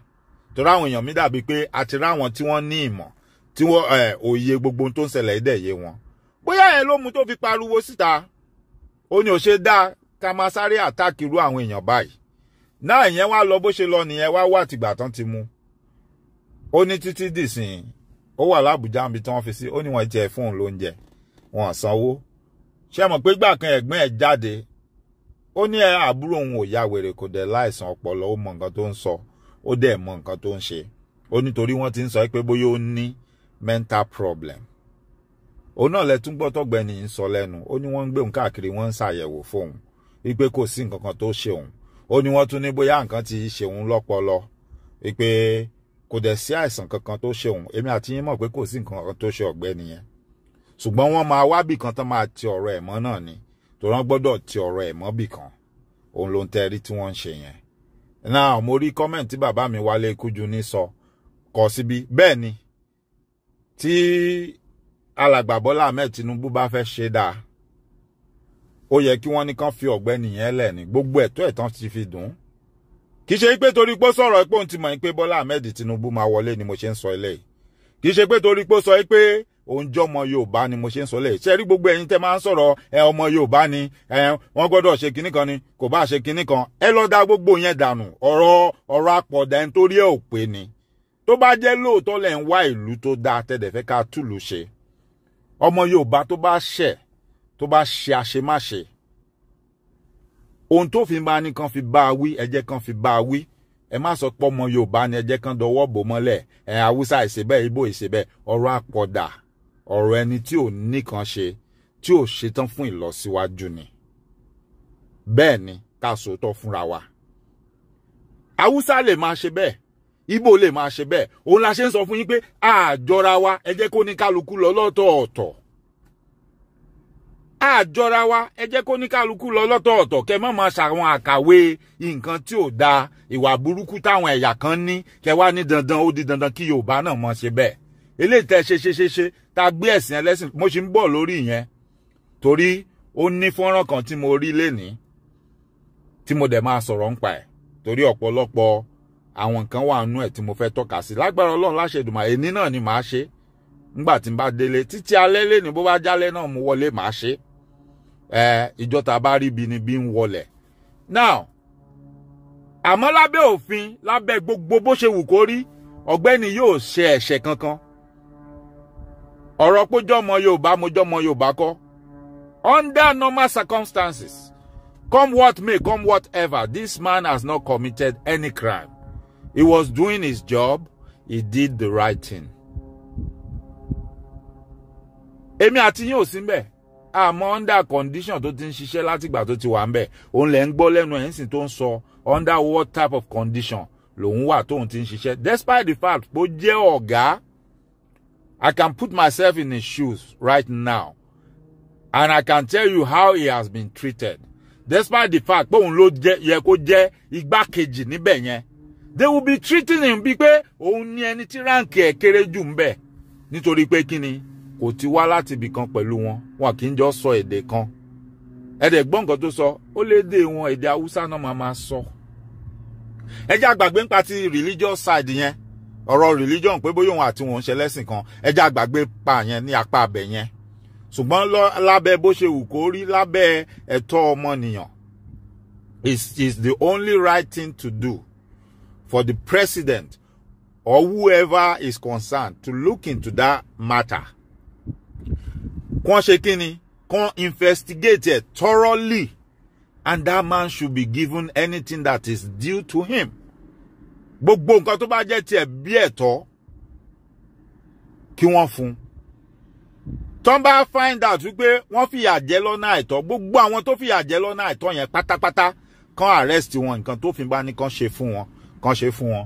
Torí àwọn èèyàn mi dàbí pé a ti ráwọn tí wọ́n ní ìmọ̀ tí wọ́n òye gbogbo tó ń ṣẹlẹ̀ dẹ̀ yé wọn. Bóyá yẹn ló mú tó fi pariwo síta. Ó ní ò ṣe dá ká máa sáré àtàkì irú àwọn èèyàn báyìí. Náà ìyẹn wá lọ bó ṣe lọ nìyẹn wá wà tìgbà tán ti mú. Ó ní títí dìsìn ó wà lábùjá níbi tí wọ́n fi sí ó ní wọ́n jẹ fóun lóúnjẹ wọn sanwó ṣe mọ̀ pé ìgbà kan ẹ̀gbọ́n ẹ̀ jáde ó ní àbúrò òun ò ya wèrè kò dẹ̀ láìsàn ọpọlọ ó mọ nǹkan tó ń sọ ó dẹ̀ mọ nǹkan tó ń ṣe ó nítorí wọ́n ti ń sọ pé bóyá ó ní mental problem òun náà lẹ tún gbọ́ tọ́gbẹ́ni ń sọ lẹ́nu ó ní wọ́n ń gbé òun káàkiri wọ́n ń ṣàyẹ̀wò fóun wípé kò sí nǹkan kan tó ṣe òun ó ní wọ́n tún ní bóyá nǹkan ti ṣe òun lọ́pọlọ wípé kò dẹ̀ sí àìsàn kankan tó ṣe òun èmi àti yín mọ̀ pé kò sí nǹkan kan tó ṣe ọ̀gbẹ́ni yẹn ṣùgbọ́n wọ́n máa wábì kan tán máa ti ọ̀rọ̀ ẹ̀ mọ́ náà ni torí wọ́n gbọ́dọ̀ ti ọ̀rọ̀ ẹ̀ mọ́ bì kan òun ló ń tẹ́rí tí wọ́n ń ṣe yẹn. náà mo rí kọ́mẹ̀ntì tí bàbá mi wálé kújú ní sọ kọ síbi bẹ́ẹ̀ ni tí alàgbà Bọ́lá Ahmed Tinubu bá fẹ́ ṣe dáa ó yẹ kí wọ́n ní kán fi ọ̀gbẹ́ni yẹn lẹ̀ ní gbogbo ẹ̀tọ́ ẹ̀tàn ti fi dùn ún kì í ṣe pé torí pé ó sọ̀rọ̀ pé òun ti mọ̀ pé Bọ́lá Ahmed Tinubu máa wọlé ni mo ṣe ń sọ eléyìí kì í ṣe pé torí pé ó sọ pé oúnjẹ ọmọ yorùbá ni mo ṣe ń sọ lẹ ṣe rí gbogbo ẹ̀yin tẹ́ máa ń sọ̀rọ̀ ẹ ọmọ yorùbá ni ẹ wọ́n gbọ́dọ̀ ṣe kinní kan ni kò bá ṣe kinní kan ẹ lọ da gbogbo yẹn dànù ọ̀rọ̀ ọ̀rọ̀ àpọ̀dà ẹni tó rí ẹ ò pé ni tó bá jẹ́ lóòótọ́ lẹ ń wá ìlú tó dáa tẹdẹ̀ fẹ́ ká túlù ṣe ọmọ yorùbá tó bá ṣẹ̀ tó bá ṣe àṣemáṣe ohun tó fi máa ní kan fi bá a wí ẹ jẹ́ kan fi bá a wí ẹ má sọ pé ọmọ yorùbá ni ẹ jẹ́ kan dọwọ́ bò mọ́lẹ̀ ẹ haúsá ìṣebẹ ibo ìṣebẹ ọ̀rọ̀ àpọ̀dà ọ̀rọ̀ ẹni tí ò níkan ṣe tí ò ṣetán fún ìlọsíwájú ni bẹ́ẹ̀ ni ká sòótọ́ fúnra wa haúsá lè máa ṣe bẹ́ẹ̀ Ìgbò lè máa ṣe bẹ́ẹ̀ òun la ṣe ń sọ fún yín pé àjọra wa ẹ jẹ́ kó ní kálukú lọ lọ́tọ̀ọ̀tọ̀ àjọra wa ẹ jẹ́ kó ní kálukú lọ lọ́tọ̀ọ̀tọ̀ kẹ má máa ṣàwọn àkàwé nǹkan tí ò dáa ìwà burúkú táwọn ẹ̀yà kan ní kẹ wá ní dandan ó di dandan kí Yorùbá náà máa ṣe bẹ́ẹ̀ eléyìí tẹ́ ṣe ṣe ṣe tá a gbé ẹ̀sìn ẹlẹ́sìn mo ṣe ń bọ̀ lórí ìyẹn torí ó ní fọ́nrán kan tí mo rí lénìí tí mo dẹ̀ máa sọ̀rọ̀ ńpa ẹ̀ torí ọ̀pọ̀lọpọ̀ àwọn nǹkan wà nú ẹ̀ tí mo fẹ́ tọ́ka sí lágbára ọlọ́run láṣẹ ìdùnmọ̀ èní náà ni màá ṣe ńgbà tí n bá délé títí alẹ́ lẹ́ni bó bá jálẹ́ náà mo wọlé màá ṣe ìjọ tá bá rí ibi ni bí ń wọlẹ̀ now àmọ́ lábẹ́ òfin lábẹ́ gbogbo bó ṣe wù kó rí ọ̀gbẹ́ni yóò ṣe ẹ̀ṣẹ̀ kankan ọ̀rọ̀ péjọ́ ọmọ yorùbá mojọ́ ọmọ yorùbá kọ́ under normal circumstances come what may come whatever this man has not committed any crime he was doing his job he did the right thing. èmi àti yín ò sí mbẹ̀ àmọ́ under condition tó ti ń ṣiṣẹ́ látìgbà tó ti wà ń bẹ̀ òun lẹ̀ ń gbọ́ lẹ́nu ẹ̀ ń sìn tó ń sọ under what type of condition lòun wà tóun ti ń ṣiṣẹ́ despite the fact pé ó jẹ́ ọ̀gá I can put myself in his shoes right now. And I can tell you how he has been treated. Despite the fact pé òun ló yẹ kó jẹ́ igbákejì níbẹ̀ yẹn. They will be treating him bí pé òun ni ẹni tí ráǹkì ẹ̀ kéré jù ń bẹ̀. Nítorí pé kí ni kò ti wá láti ibì kan pẹ̀lú wọn. Wọn kì í jọ sọ èdè kan. Ẹ̀dẹ̀ gbọ́ nǹkan tó sọ, ó lédè wọn èdè Haúsá náà máa máa sọ. Ẹ àgbàgbé ń pa ti religious side yẹn. ọ̀rọ̀ religion pé bóyá òun àti wọn ṣe lẹ́sìn kan ẹja àgbàgbé pa yẹn ní apá abẹ yẹn ṣùgbọ́n lábẹ́ bó ṣe wù kó rí lábẹ́ ẹ̀tọ́ ọmọnìyàn is is the only right thing to do for the president or whoever is concerned to look into that matter. kàn ṣe kí ni kàn investigate thoroughly and that man should be given anything that is due to him. gbogbo nǹkan tó bá jẹ́ tiẹ̀ bí ẹ̀tọ́ kí wọ́n fún un tọ́n bá find out wípé wọ́n fìyà jẹ lọ́nà àìtọ́ gbogbo àwọn tó fìyà jẹ lọ́nà àìtọ́ yẹn pátápátá kan arrest wọn nǹkan tó fi bá ní kan ṣe fún wọn kan ṣe fún wọn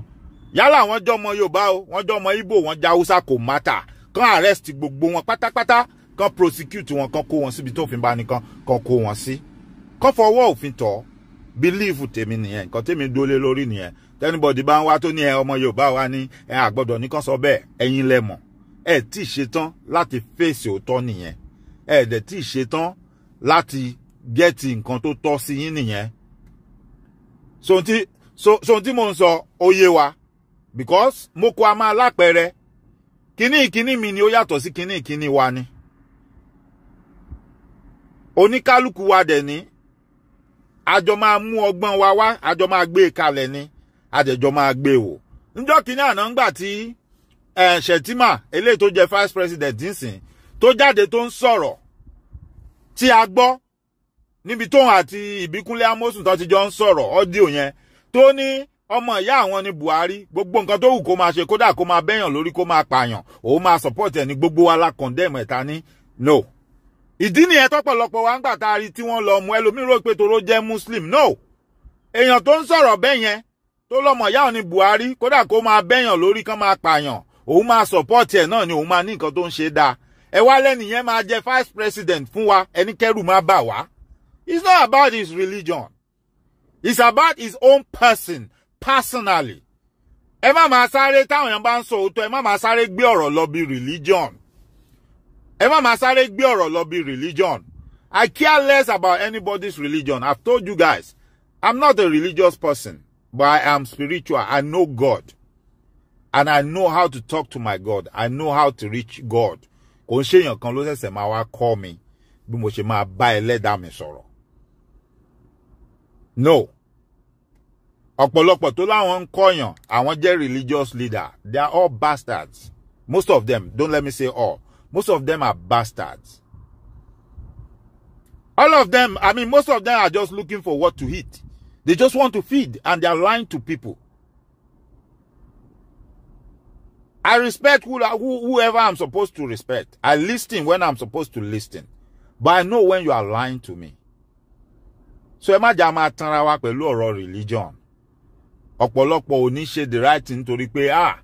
yálà wọ́n jọmọ Yorùbá o wọ́n jọmọ Ìgbò wọ́n já Haúsá kò mátà kan arrest gbogbo wọn pátápátá kan prosecute wọn kan kó wọn síbi tó fi bá ní kan kan kó wọn sí kan fọwọ́ òfin tọ́ bílíìfù tèmi nìyẹn nǹkan tèmi dólé lórí nìyẹn tẹ́nibọ̀dì bá ń wá tó ní ẹ ọmọ Yorùbá wa ní ẹ àgbọ̀dọ̀ nìkan sọ bẹ́ẹ̀ ẹ̀yin lẹ mọ̀ ẹ tí ì ṣetán láti fèsì òótọ́ nìyẹn ẹ dẹ̀ tí ì ṣetán láti gẹ́ẹ̀tì nǹkan tó tọ́ sí yín nìyẹn sohun tí sohun ń sọ ó yé wa because mo kọ́ a máa lápẹẹrẹ kíní ìkíní mi ni ó yàtọ̀ sí kíní ìkíní wa ni oníkálukú wa dẹ̀ ní àjọ máa mú ọgbọ́n wa wá àjọ máa gbé e kalẹ̀ ni àjẹjọ máa gbé wò níjọ́ kínní àná ńgbà tí ṣètìmà eléyìí tó jẹ́ vice president dínsìn tó jáde tó ń sọ̀rọ̀ tí a gbọ́ níbi tóun àti ìbíkúnlé amósùn tó ti jọ ń sọ̀rọ̀ ọ́díò yẹn tó ní ọmọ ìyá àwọn ni buhari gbogbo nǹkan tó wù kó máa ṣe kódà kó máa bẹ́yàn lórí kó máa pààyàn òun máa support ẹ̀ ní gbogbo wa la condemn ẹ̀ta ní no ìdí nìyẹn tọ́pọ̀lọpọ̀ wa ń gbà tá a rí tí wọ́n lọ mú ẹlòmíràn pé toró jẹ́ muslim no èèyàn tó ń sọ̀rọ̀ bẹ́ẹ̀ tó lọ́mọ ìyá òní Buhari kódà kó máa bẹ́yàn lórí kán máa pààyàn òun máa sọ̀pọ́ọ̀tì ẹ̀ náà ni òun máa ní nǹkan tó ń ṣe dáa ẹ wá lẹ́nìyẹn máa jẹ vice president fún wa ẹnikẹ́rù má bà wá it's not about his religion it's about his own person personally ẹ má máa sáré táwọn èèyàn bá ń sọ òótọ́ ẹ má máa sáré gbé ọ̀rọ̀ lọ bí religion ẹ má máa sáré gbé ọ̀rọ̀ lọ bí religion I care less about anybody's religion I've told you guys I'm not a religious person But I am spiritual. I know God. And I know how to talk to my God. I know how to reach God. Kò ń ṣèyàn kan ló ṣẹ̀ṣẹ̀ máa wá kọ́ mi bí No. Ọ̀pọ̀lọpọ̀ tó láwọn ń kọ́yàn, àwọn jẹ́ religious leader. They are all bastards. Most of them, don't let me say all. Most of them are bastards. All of them, I mean, most of them are just looking for what to eat. They just want to feed and they are lying to people. I respect who, who, whoever I'm supposed to respect. I listen when I'm supposed to listen. But I know when you are lying to me. So imagine I'm at tanra wa religion. Ọ̀pọ̀lọpọ̀ ò ní the right thing to repay ah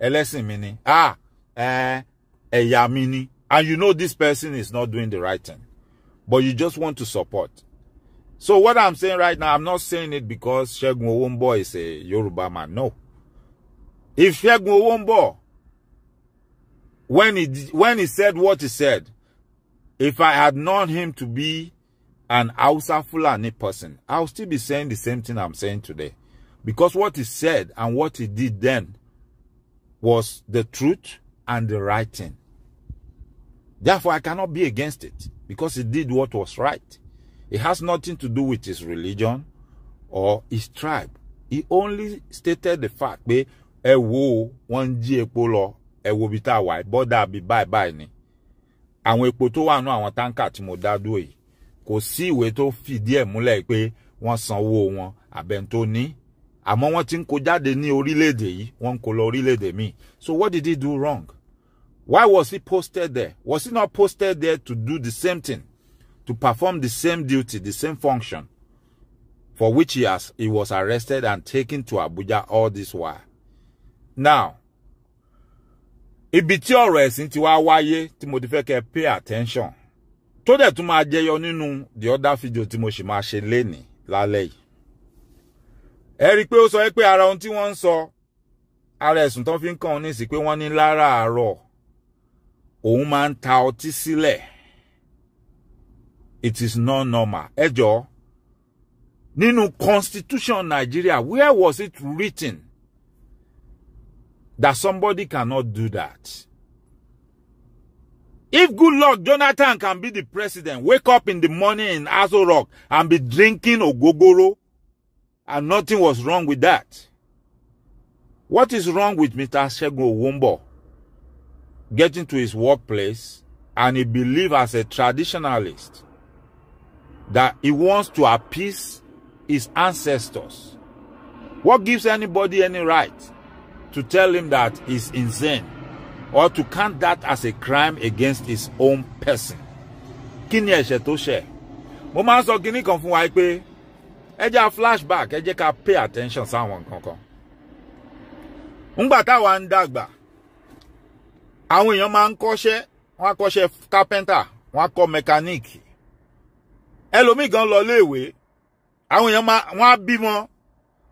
a lesson, Mini ah ẹ̀yà mi ni and you know this person is not doing the right thing but you just want to support. So what I'm saying right now, I'm not saying it because Shegun Owombo is a Yoruba man. No. If Shegun Owombo, when he, when he said what he said, if I had known him to be an Hausa Fulani person, i would still be saying the same thing I'm saying today. Because what he said and what he did then was the truth and the right thing. Therefore, I cannot be against it because he did what was right. It has nothing to do with his religion or his tribe. He only stated the fact pé ẹ wo wọ́n ń jí epo lọ ẹ wo ibi tá a wà bye bí ni. Àwọn epo tó wa nú àwọn táǹkà tí mo dá dúró yìí kò sí ìwé tó fìdí ẹ̀ múlẹ̀ pé wọ́n sanwó wọn àbẹ̀n tó ní. Àmọ́ wọ́n ti ń kó jáde ní orílẹ̀-èdè yìí wọ́n ń kó So what did he do wrong? Why was he posted there? Was he not posted there to do the same thing? to perform the same duty, the same function for which he, has, he was arrested and taken to Abuja all this while. Now, ibi tí ọ̀rọ̀ ẹ̀sìn ti wá wáyé tí mo ti fẹ́ kẹ́ pay attention tó dẹ̀ tún máa jẹyọ nínú the other video tí mo sì máa ṣe lénìí lálẹ́ yìí. ẹ rí i pé ó sọ pé ara ohun tí wọ́n ń sọ ara ẹ̀sùn tán fi ń kàn ọ́ nísìsiyìí pé wọ́n ní láràárọ̀ òun máa ń ta ọtí sílẹ̀. Si it is not normal Edo, nínú constitution Nigeria where was it written that somebody cannot do that if good luck Jonathan can be the president wake up in the morning in Aso Rock and be drinking ogogoro and nothing was wrong with that what is wrong with Mr. Segun Wombo getting to his workplace and he believe as a traditionalist that he wants to appease his ancestors. What gives anybody any right to tell him that he's insane or to count that as a crime against his own person? Kinye Shetoshe, ẹ̀ṣẹ̀ tó ṣẹ̀? Mo Ejja flashback Ejja jẹ́ pay attention someone nǹkan kan. Ngbà dàgbà, àwọn èèyàn máa ń kọ́ṣẹ́, wọ́n carpenter, kọ́ṣẹ́ kọ́ ẹlòmíì gan lọ iléèwé àwọn èèyàn máa wọn á bímọ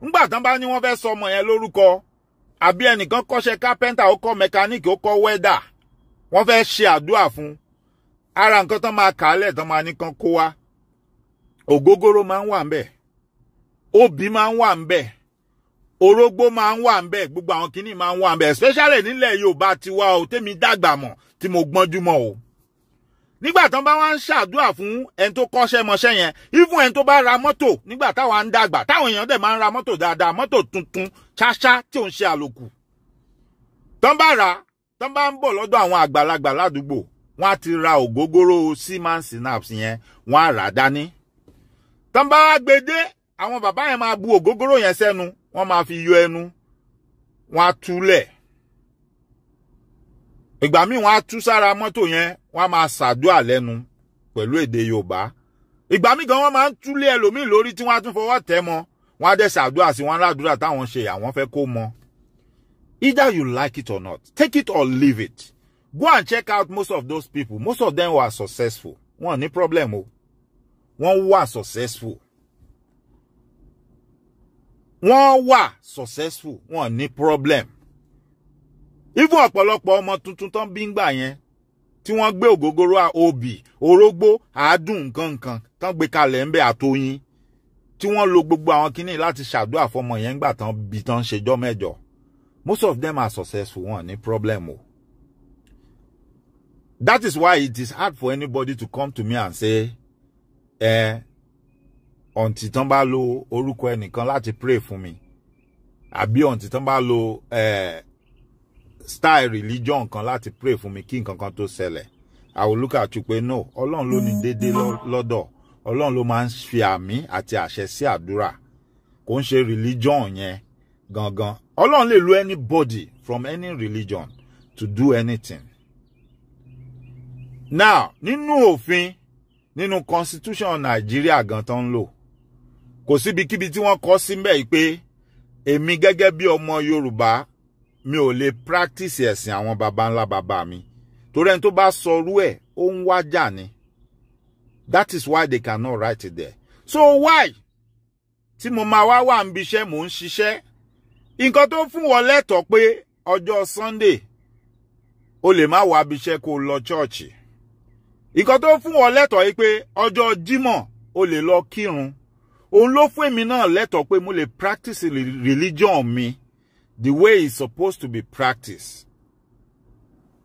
ńgbà tán bá ní wọ́n fẹ́ sọ ọmọ yẹn lórúkọ àbí ẹnìkan kọ́ṣẹ́ kápẹ́ńtà ó kọ́ mẹkáníìkì ó kọ́ wẹ́dà wọ́n fẹ́ ṣe àdúrà fún ara nǹkan tán máa kà á lẹ̀ tán máa nìkan kó wa ògógóró máa ń wà ńbẹ̀ obì máa ń wà ńbẹ̀ orógbó máa ń wà ńbẹ̀ gbogbo àwọn kinní máa ń wà ńbẹ̀ especially nílẹ̀ Yorùbá tiwa o tèmi dàgbà mọ̀ tí mo gbọ́njú mọ́ o nígbà tán bá wá ń ṣàdúrà fún ẹni tó kọ́ṣẹ́ mọṣẹ́ yẹn even ẹni tó bá ra mọ́tò nígbà táwa ń dàgbà táwọn èèyàn dẹ̀ máa ń ra mọ́tò dáadáa mọ́tò tuntun ṣáṣá tí ò ń ṣe àlòkù tán bá ra tán bá ń bọ̀ lọ́dọ̀ àwọn àgbàlagbà ládùúgbò wọ́n á ti ra ògógóró seaman synapse yẹn wọ́n á rà á dání tán bá wá gbé dé àwọn bàbá yẹn máa bu ògógóró yẹn sẹ́nu wọ́n máa fi yọ ẹnu wọ́n á túlẹ̀ ìgbà míì wọ́n á tú sára mọ́tò yẹn wọ́n á máa ṣàdúà lẹ́nu pẹ̀lú èdè Yorùbá ìgbà míì gan wọ́n máa ń túlé ẹlòmíì lórí tí wọ́n á tún fọwọ́ tẹ̀ mọ́ wọ́n á dẹ̀ ṣàdúà sí wọn ládùúrà táwọn ṣe àwọn fẹ́ kó mọ́. Either you like it or not take it or leave it go and check out most of those people most of them were successful wọ́n ní problem o wọ́n wà successful wọ́n wà successful wọ́n ní problem even ọ̀pọ̀lọpọ̀ ọmọ tuntun tán bí ń gbà yẹn tí wọ́n gbé ògógóró obì orógbó àádùn nǹkan nǹkan tán gbé kalẹ̀ ń bẹ àtọyìn tí wọ́n lo gbogbo àwọn kinní láti ṣàdúrà fọmọ yẹn ńgbà tán bí tán ṣèjọ́ mẹ́jọ most of them are successful wọn ní problem o that is why it is hard for anybody to come to me and say ẹ ọ̀ǹtì tán bá lo orúkọ ẹnìkan láti pray fún mi àbí ọ̀ǹtì tán bá lo ẹ. Eh, style religion kan láti pray fún mi kí nǹkan kan tó ṣẹlẹ̀ I will look at you pé no ọlọ́run ló ní mm. déédéé mm-hmm. lọ́dọ̀ ọlọ́run ló máa ń fi àmì àti àṣẹ sí àdúrà kò ń ṣe religion yẹn gangan ọlọ́run lè lo anybody from any religion to do anything. now nínú òfin nínú constitution nàìjíríà gan tó ń lò kò síbikíbi tí wọ́n kọ́ síbẹ̀ pé èmi gẹ́gẹ́ bí ọmọ yorùbá mi ò lè practice ẹ̀sìn àwọn baba ńlá baba mi torí ẹni tó bá sọrú ẹ̀ ó ń wájà ni that is why they cannot write it there so why tí mo máa wá wà níbi iṣẹ́ mò ń ṣiṣẹ́ nǹkan tó fún wọn lẹ́tọ̀ọ́ pé ọjọ́ sunday o lè má wá abiṣẹ́ kó lọ ṣọ́ọ̀ṣì nǹkan tó fún wọn lẹ́tọ̀ọ́ yìí pé ọjọ́ jímọ̀ o lè lọ kírun òun ló fún èmi náà lẹ́tọ̀ọ́ pé mo lè practice religion mi the way it's supposed to be practiced.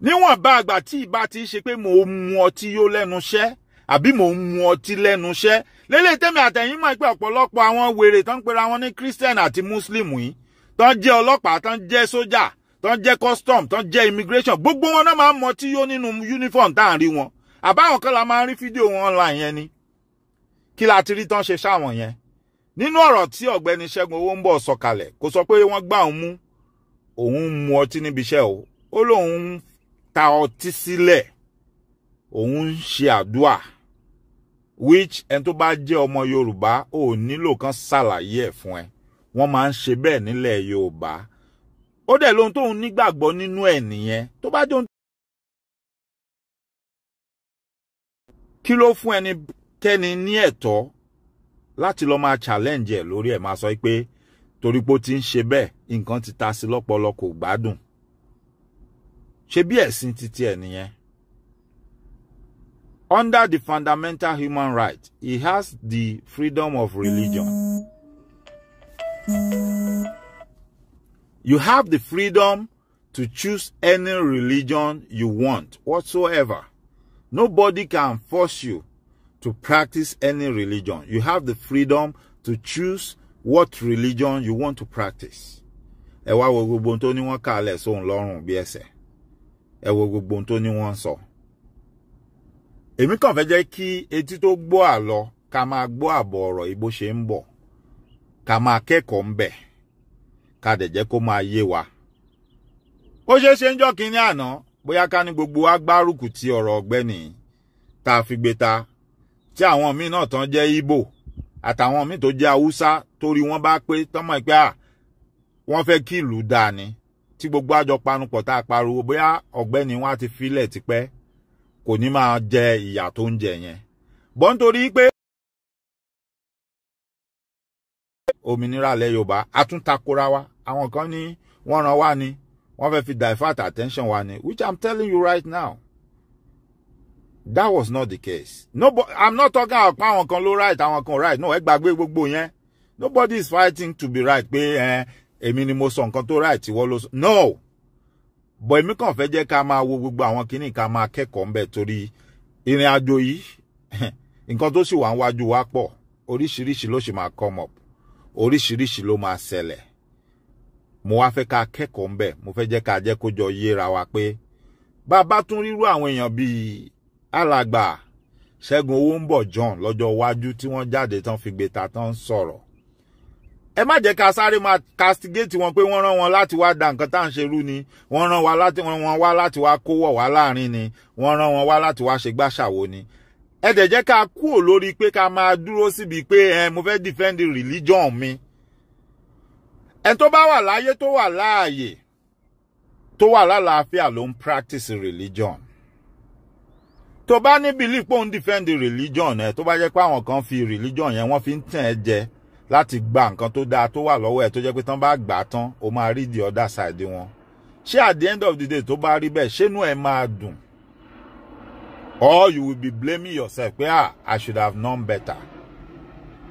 níwọ̀nba àgbà tí ìbá ti ṣe pé mò ń mu ọtí yó lẹ́nu iṣẹ́ àbí mo ń mu ọtí lẹ́nu iṣẹ́ lélẹ́yìí tẹ́mi àtẹ̀yìn mọ̀ pé ọ̀pọ̀lọpọ̀ àwọn wèrè tó ń pera wọn ní christian àti muslim yìí tó ń jẹ́ ọlọ́pàá tó ń jẹ́ sójà tó ń jẹ́ custom tó ń jẹ́ immigration gbogbo wọn náà máa ń mu ọtí yó nínú uniform tá à ń rí wọn àbáwọn kan la máa ń rí fídíò wọn online yẹn ni kí la ti rí tán ṣe sáwọn yẹn nínú ọ̀rọ̀ tí ọ̀gbẹ́ni ṣẹ́gun owó ń bọ̀ sọ̀kalẹ̀ kò sọ pé wọ́n gbà òun mú òun mu ọtí níbi iṣẹ́ o ó lóun ta ọtí sílẹ̀ òun ń ṣe àdúà which ẹni tó bá jẹ́ ọmọ Yorùbá ò nílò kan ṣàlàyé ẹ̀ fún ẹ wọ́n máa ń ṣe bẹ́ẹ̀ nílẹ̀ Yorùbá ó dẹ̀ lóhun tóun nígbàgbọ́ nínú ẹ̀ nìyẹn tó bá jẹun. kí ló fún ẹnikẹ́ni ní ẹ̀tọ́ láti lọ́ọ́ máa challenge ẹ̀ lórí ẹ̀ máa sọ pé torí pé ó ti ń ṣe bẹ́ẹ̀ nǹkan ti ta sí lọ́pọlọ kò gbádùn ṣe bí ẹ̀sìn títí ẹ̀ nìyẹn. Under the fundamental human right, he has the freedom of religion. You have the freedom to choose any religion you want whatsoever. Nobody can force you to practice any religion. You have the freedom to choose what religion you want to practice ẹ wá wo gbogbo ohun tó ní wọ́n kàálẹ̀ sóhun lọ́rùn bí ẹsẹ̀ ẹ wo gbogbo ohun tó ní wọ́n sọ. èmi kàn fẹ́ jẹ́ kí etí tó gbọ́ àlọ ká máa gbọ́ àbọ̀ ọ̀rọ̀ yìí bó ṣe ń bọ̀ ká máa kẹ́kọ̀ọ́ ń bẹ̀ ká dẹ̀ jẹ́ kó máa yé wa. ó ṣeé ṣe ń jọ́ kínní àná bóyá ká ní gbogbo agbárùkù ti ọ̀rọ̀ ọ̀gbẹ́ni tá a fi gbé ta tí àwọn míì náà tán jẹ́ Ìgbò àtàwọn míì tó jẹ́ haúsá torí wọ́n bá pé tọ́mọ̀ pé à ah, wọ́n fẹ́ kí ìlú dáa ni tí gbogbo àjọ panupọ̀ tá a pariwo bóyá ọ̀gbẹ́ni wọn á ti filẹ̀ tipẹ́ kò ní máa jẹ ìyà tó ń jẹ yẹn bọ́n nítorí pé òmìnira ilẹ̀ yorùbá a tún takora wa àwọn kan ní wọ́n ràn wá ni wọ́n fẹ́ fi divert attention wa ni which i'm telling you right now that was not the case nobody i'm not talking about pa àwọn kan ló right àwọn kan right no ẹ gbàgbé gbogbo yẹn nobody is fighting to be right pé eh, èmi ni mo sọ nǹkan tó right ìwọ ló sọ no but èmi kàn fẹ́ jẹ́ ká máa wo gbogbo àwọn kinní ká máa kẹ́kọ̀ọ́ ńbẹ̀ torí ìrìn àjò yìí (laughs) nǹkan tó sì wà ń wájú wa pọ̀ oríṣiríṣi ló sì máa come up oríṣiríṣi ló máa ṣẹlẹ̀ mo wá fẹ́ ká kẹ́kọ̀ọ́ ńbẹ̀ mo fẹ́ jẹ́ ká jẹ́ kó jọ yéra wa pé bá a bá tún rírú àwọn èèyàn bíi alàgbà ṣẹ́gun owó ń bọ̀ john lọ́jọ́ iwájú tí wọ́n jáde tán fi gbé ta tán sọ̀rọ̀ ẹ má jẹ́ ká sáré máa castigate wọn pé wọ́n rán wọn láti wá da nǹkan tá à ń ṣe rú ni wọ́n rán wọn wá láti wá kówọ̀ wá láàrin ni wọ́n rán wọn wá láti wá ṣe gbàṣàwo ni ẹ dẹ̀ jẹ́ ká kúrò lórí pé ká máa dúró síbi pé ẹ mo fẹ́ defend religion mi ẹ tó bá wà láyé tó wà láàyè tó wà lálàáfíà ló ń practice religion tó bá ní belief pé òun defend religion ẹ tó bá jẹ́ pé àwọn kan fi religion yẹn wọ́n fi ń tàn ẹ́ jẹ láti gba nǹkan tó dáa tó wà lọ́wọ́ ẹ̀ tó jẹ́ pé tán bá gbà á tán o máa rí the other side wọn ṣé at the end of the day tó bá rí bẹ́ẹ̀ ṣénú ẹ̀ máa dùn or you will be blaming yourself pé ah I should have known better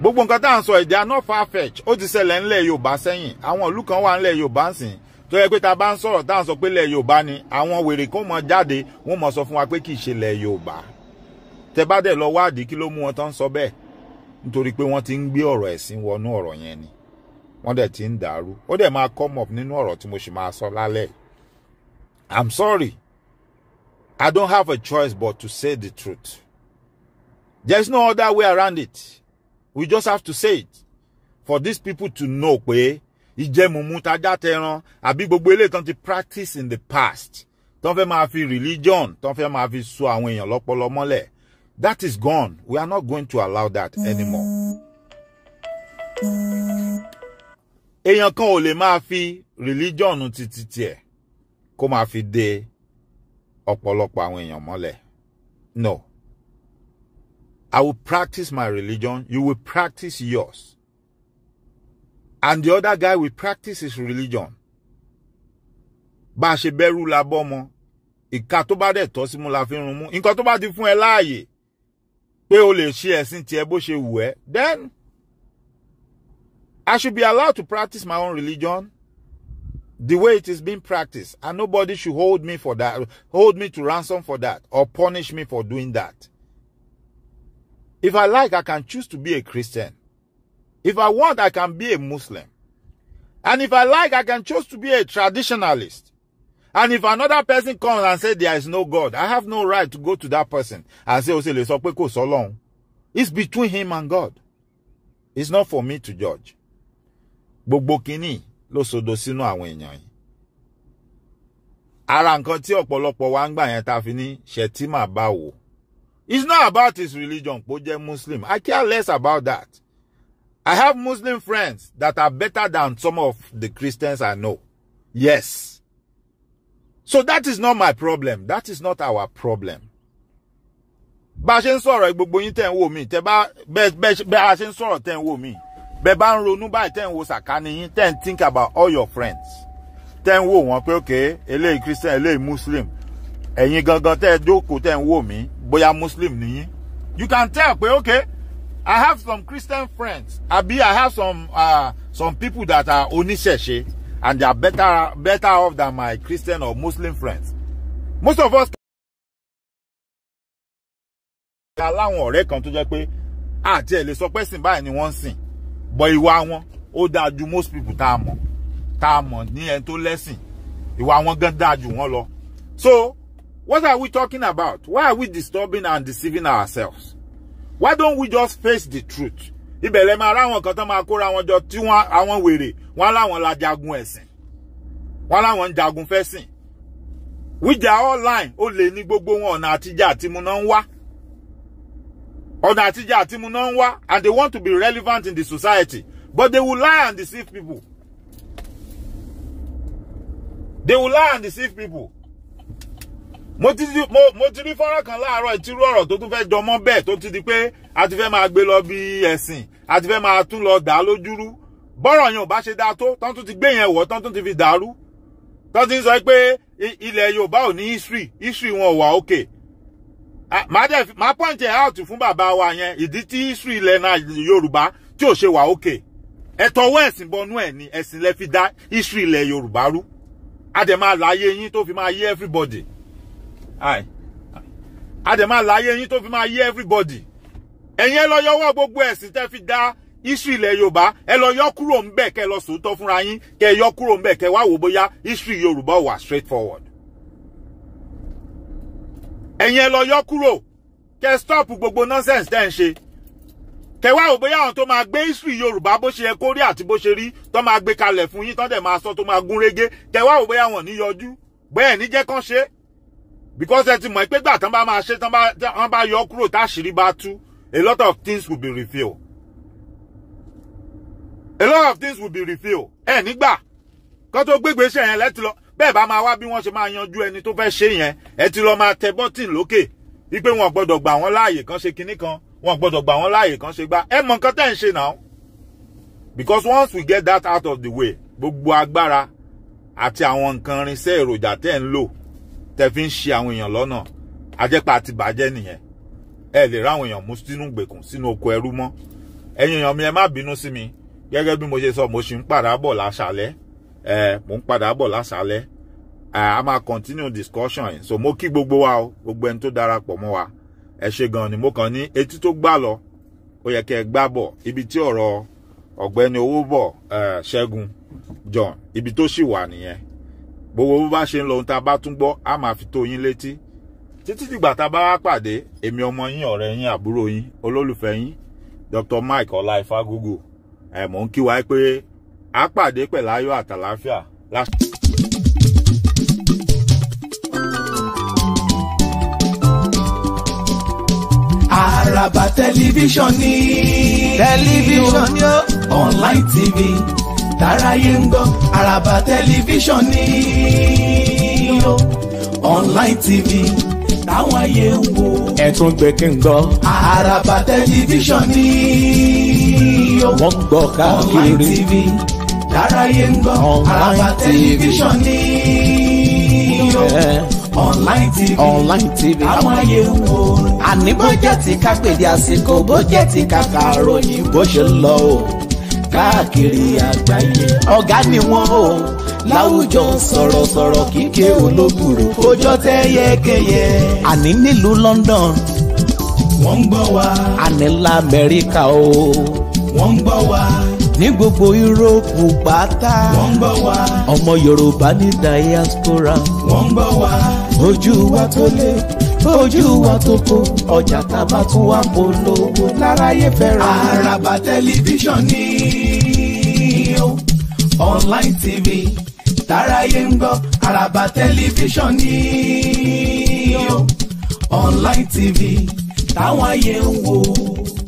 gbogbo nǹkan tá à ń sọ ìdí àná far fetch ó ti ṣẹlẹ̀ ńlẹ̀ Yorùbá sẹ́yìn àwọn ìlú kan wà ńlẹ̀ Yorùbá ń sìn tó yẹ pé tá bá ń sọ̀rọ̀ tá à ń sọ pé ilẹ̀ yorùbá ni àwọn wèrè kó mọ jáde wọ́n mọ̀ sọ fún wa pé kì í ṣe ilẹ̀ yorùbá tẹ bá dẹ̀ lọ wádìí kí ló mú wọn tán sọ bẹ́ẹ̀ nítorí pé wọ́n ti ń gbé ọ̀rọ̀ ẹ̀sìn wọnú ọ̀rọ̀ yẹn ni wọ́n dẹ̀ ti ń dàrú ó dẹ̀ máa come up nínú ọ̀rọ̀ tí mo sì máa sọ lálẹ́ i'm sorry i don't have a choice but to say the truth There's no other way around it we just have to say it for these people to know pé ìjẹmùmú tajá tẹran àbí gbogbo eléyìí tán ti practice in the past tán fẹ́ máa fi religion tán fẹ́ máa fi so àwọn èèyàn lọ́pọlọ mọ́lẹ̀ that is gone we are not going to allow that anymore. èèyàn kan ò lè máa fi religion títí tiẹ̀ kó máa fi de ọ̀pọ̀lọpọ̀ àwọn èèyàn mọ́lẹ̀ no I will practice my religion you will practice yours and the other guy will practice his religion bẹ̀rù la dẹ̀ la fún pé ẹ̀sìn then I should be allowed to practice my own religion the way it is being practiced and nobody should hold me for that hold me to ransom for that or punish me for doing that if I like I can choose to be a Christian if I want, I can be a Muslim. And if I like, I can choose to be a traditionalist. And if another person comes and says there is no God, I have no right to go to that person and say, Ose le so ko long. It's between him and God. It's not for me to judge. Gbogbo ló sodo sínú àwọn èèyàn yìí. Ara nǹkan ọ̀pọ̀lọpọ̀ wa Shetima báwo. It's not about his religion, pé Muslim. I care less about that. I have Muslim friends that are better than some of the Christians I know. Yes. So that is not my problem. That is not our problem. think about all your friends tẹ́ wò wọ́n pé okay eléyìí christian eléyìí muslim ẹ̀yin gangan tẹ́ ẹ jókòó tẹ́ ń wò mí bóyá muslim nìyí you can tell okay I have some Christian friends. I be I have some uh, some people that are oníṣẹ̀ṣe and they are better better off than my Christian or Muslim friends. Most of us aláwọn ọ̀rẹ́ kan tó jẹ́ pé àti ẹ̀ lè sọ pé sìn báyìí ni wọ́n ń sìn bọ ìwà wọn ó dáa ju most people tá a mọ̀ tá a You ní ẹni tó lẹ́sìn ìwà wọn gan dáa ju wọn lọ. So what are we talking about? Why are we disturbing and deceiving ourselves? why don't we just face the truth ibẹ̀ lẹ máa ráwọn kan tán máa kóra wọn jọ tí wọ́n àwọn wèrè wọ́n láwọn la jagun ẹ̀sìn wọ́n láwọn ń jagun fẹ́sìn wíjà online ó lè ní gbogbo wọn ọ̀nà àtijọ́ àtimúná ń wá ọ̀nà àtijọ́ àtimúná ń wá and they want to be relevant in the society but they will lie and deceive people they will lie and deceive people mo ti di mo mo ti rí fọ́nrán kan láàárọ̀ ìtirú ọ̀rọ̀ tó tún fẹ́ jọmọ́ bẹ́ẹ̀ tó ti di pé a ti fẹ́ máa gbé lọ bí ẹ̀sìn a ti fẹ́ máa tún lọ dà á lójúrú bọ́rọ̀ yẹn ò bá ṣe dáa tó tán tún ti gbé yẹn wọ̀ tán tún ti fi dàrú tán ti ń sọ pé ilẹ̀ Yorùbá ò ní history history wọn ò wà òkè màá point ẹ̀ out fún bàbá wa yẹn ìdí tí history ilẹ̀ náà Yorùbá tí ò ṣe wà òkè ẹ̀tọ́wọ́ ẹ̀sìn bọnú ẹ̀ ni ẹ̀sìn lẹ fi dá history ilẹ̀ Yorùbá rú a dẹ̀ máa láyé yín tó fi máa yé everybody àì a dẹ̀ máa láyé yín tó fi máa yé everybody ẹ̀yin ẹ lọ yọwọ́ gbogbo ẹ̀sìn tẹ́ fi dá iṣu ilẹ̀ yorùbá ẹ lọ yọ kúrò ń bẹ̀ kẹ́ lọ sòótọ́ fúnra yín kẹ́ yọ kúrò ń bẹ̀ kẹ́ wá wò bóyá iṣu yorùbá wà straight forward ẹ̀yin ẹ lọ yọ kúrò kẹ́ stop gbogbo nonsense tẹ́ ń ṣe kẹ́ wá wò bóyá àwọn tó máa gbé iṣu yorùbá bó ṣe yẹ kó rí àti bó ṣe rí tó máa gbé kalẹ̀ fún yín tó dẹ̀ máa sọ tó máa gún régé kẹ́ wá wò bóyá wọn ní yọjú bẹ́ẹ̀ ní jẹ́ kán ṣe é because ẹ ti mọ̀ pé gbà tán bá máa ṣe tán bá yọ kúrò táṣìírí bá tú a lot of things will be revealed a lot of things will be revealed ẹ nígbà kó tó gbégbé iṣẹ́ yẹn lẹ́tí lọ bẹ́ẹ̀ bá máa wá bí wọ́n ṣe máa yanjú ẹni tó fẹ́ ṣe yẹn ẹ ti lọ máa tẹ bọ́tìn lókè wípé wọn gbọ́dọ̀ gbà wọ́n láàyè kan ṣe kinní kan wọn gbọ́dọ̀ gbà wọ́n láàyè kan ṣe gbá ẹ mọ̀ nǹkan tẹ́ ń ṣe náà because once we get that out of the way gbogbo agbára àti àwọn nǹkan irinṣẹ́ èròjà tẹ́ ń lò tẹ fi ń ṣe àwọn èèyàn lọ́nà ajẹ́pà àti bàjẹ́ nìyẹn ẹ lè ráwọn èèyàn mú sínú gbèkùn sínú oko ẹrú mọ́ ẹ̀yin èèyàn mi ẹ má bínú sí mi gẹ́gẹ́ bí mo ṣe sọ mo ṣì ń padà bọ̀ láṣálẹ́ ẹ mo ń padà bọ̀ láṣálẹ́ a máa continue discussion yìí so mo kí gbogbo wa o gbogbo ẹni tó darapọ̀ mọ́ wa ẹ ṣe gan ni mo kàn ní etí tó gbà lọ ó yẹ kẹ́ ẹ gbá bọ̀ ibi tí ọ̀rọ̀ ọ̀gbẹ́ni owó bọ̀ ṣẹ́gun john ibi tó sì wà nìyẹn gbogbo bó bá ṣe ń lọ ohun tá a bá tún gbọ́ á máa fi tó yín létí títí dìgbà tá a bá wá pàdé èmi ọmọ yín ọ̀rẹ́ yín àbúrò yín olólùfẹ́ yín Dr. Mike Ọlá Ifágúgù ẹ̀ mò ń kí wa pé á pàdé pẹ̀láyọ̀ àtàláfíà Àràbà tẹlifíṣàn ni. tẹlifíṣàn ni ó. online tv táráyé ń gbọ́ àràbà tẹlifíṣàn ni online tv táwọn ayé ń wo. ẹ̀tún gbẹ̀kẹ̀ ń gbọ́. àràbà tẹlifíṣàn ni wọ́n ń gbọ́ káàkiri. online tv táráyé ń gbọ́ àràbà tẹlifíṣàn ni online tv online tv táwọn ayé ń wo. àní bó jẹ́ ti ká pèdé àsìkò bó jẹ́ ti ká kàròyìn bó ṣe lọ o káàkiri àgbáyé ọ̀gá ni wọ́n o láwùjọ sọ̀rọ̀sọ̀rọ̀ kíkẹ́ olóbùrò ọjọ́ tẹ́ yẹ́kẹ́yẹ́. àní nílùú London wọ́n ń gbọ́ wa. àní la Amẹ́ríkà o wọ́n ń gbọ́ wa ní gbogbo yúróòpù pátá. wọ́n ń gbọ́ wa. ọmọ yorùbá ní diaspora. wọ́n ń gbọ́ wa. ojú wa tó lé tójú wa tó kó ọjà tá a bá tún wá polówó láráyé fẹ́ràn. àràbà tẹlifíṣàn ni ó online tv táráyé ń gbọ́ àràbà tẹlifíṣàn ni ó online tv táwọn ayé ń wò.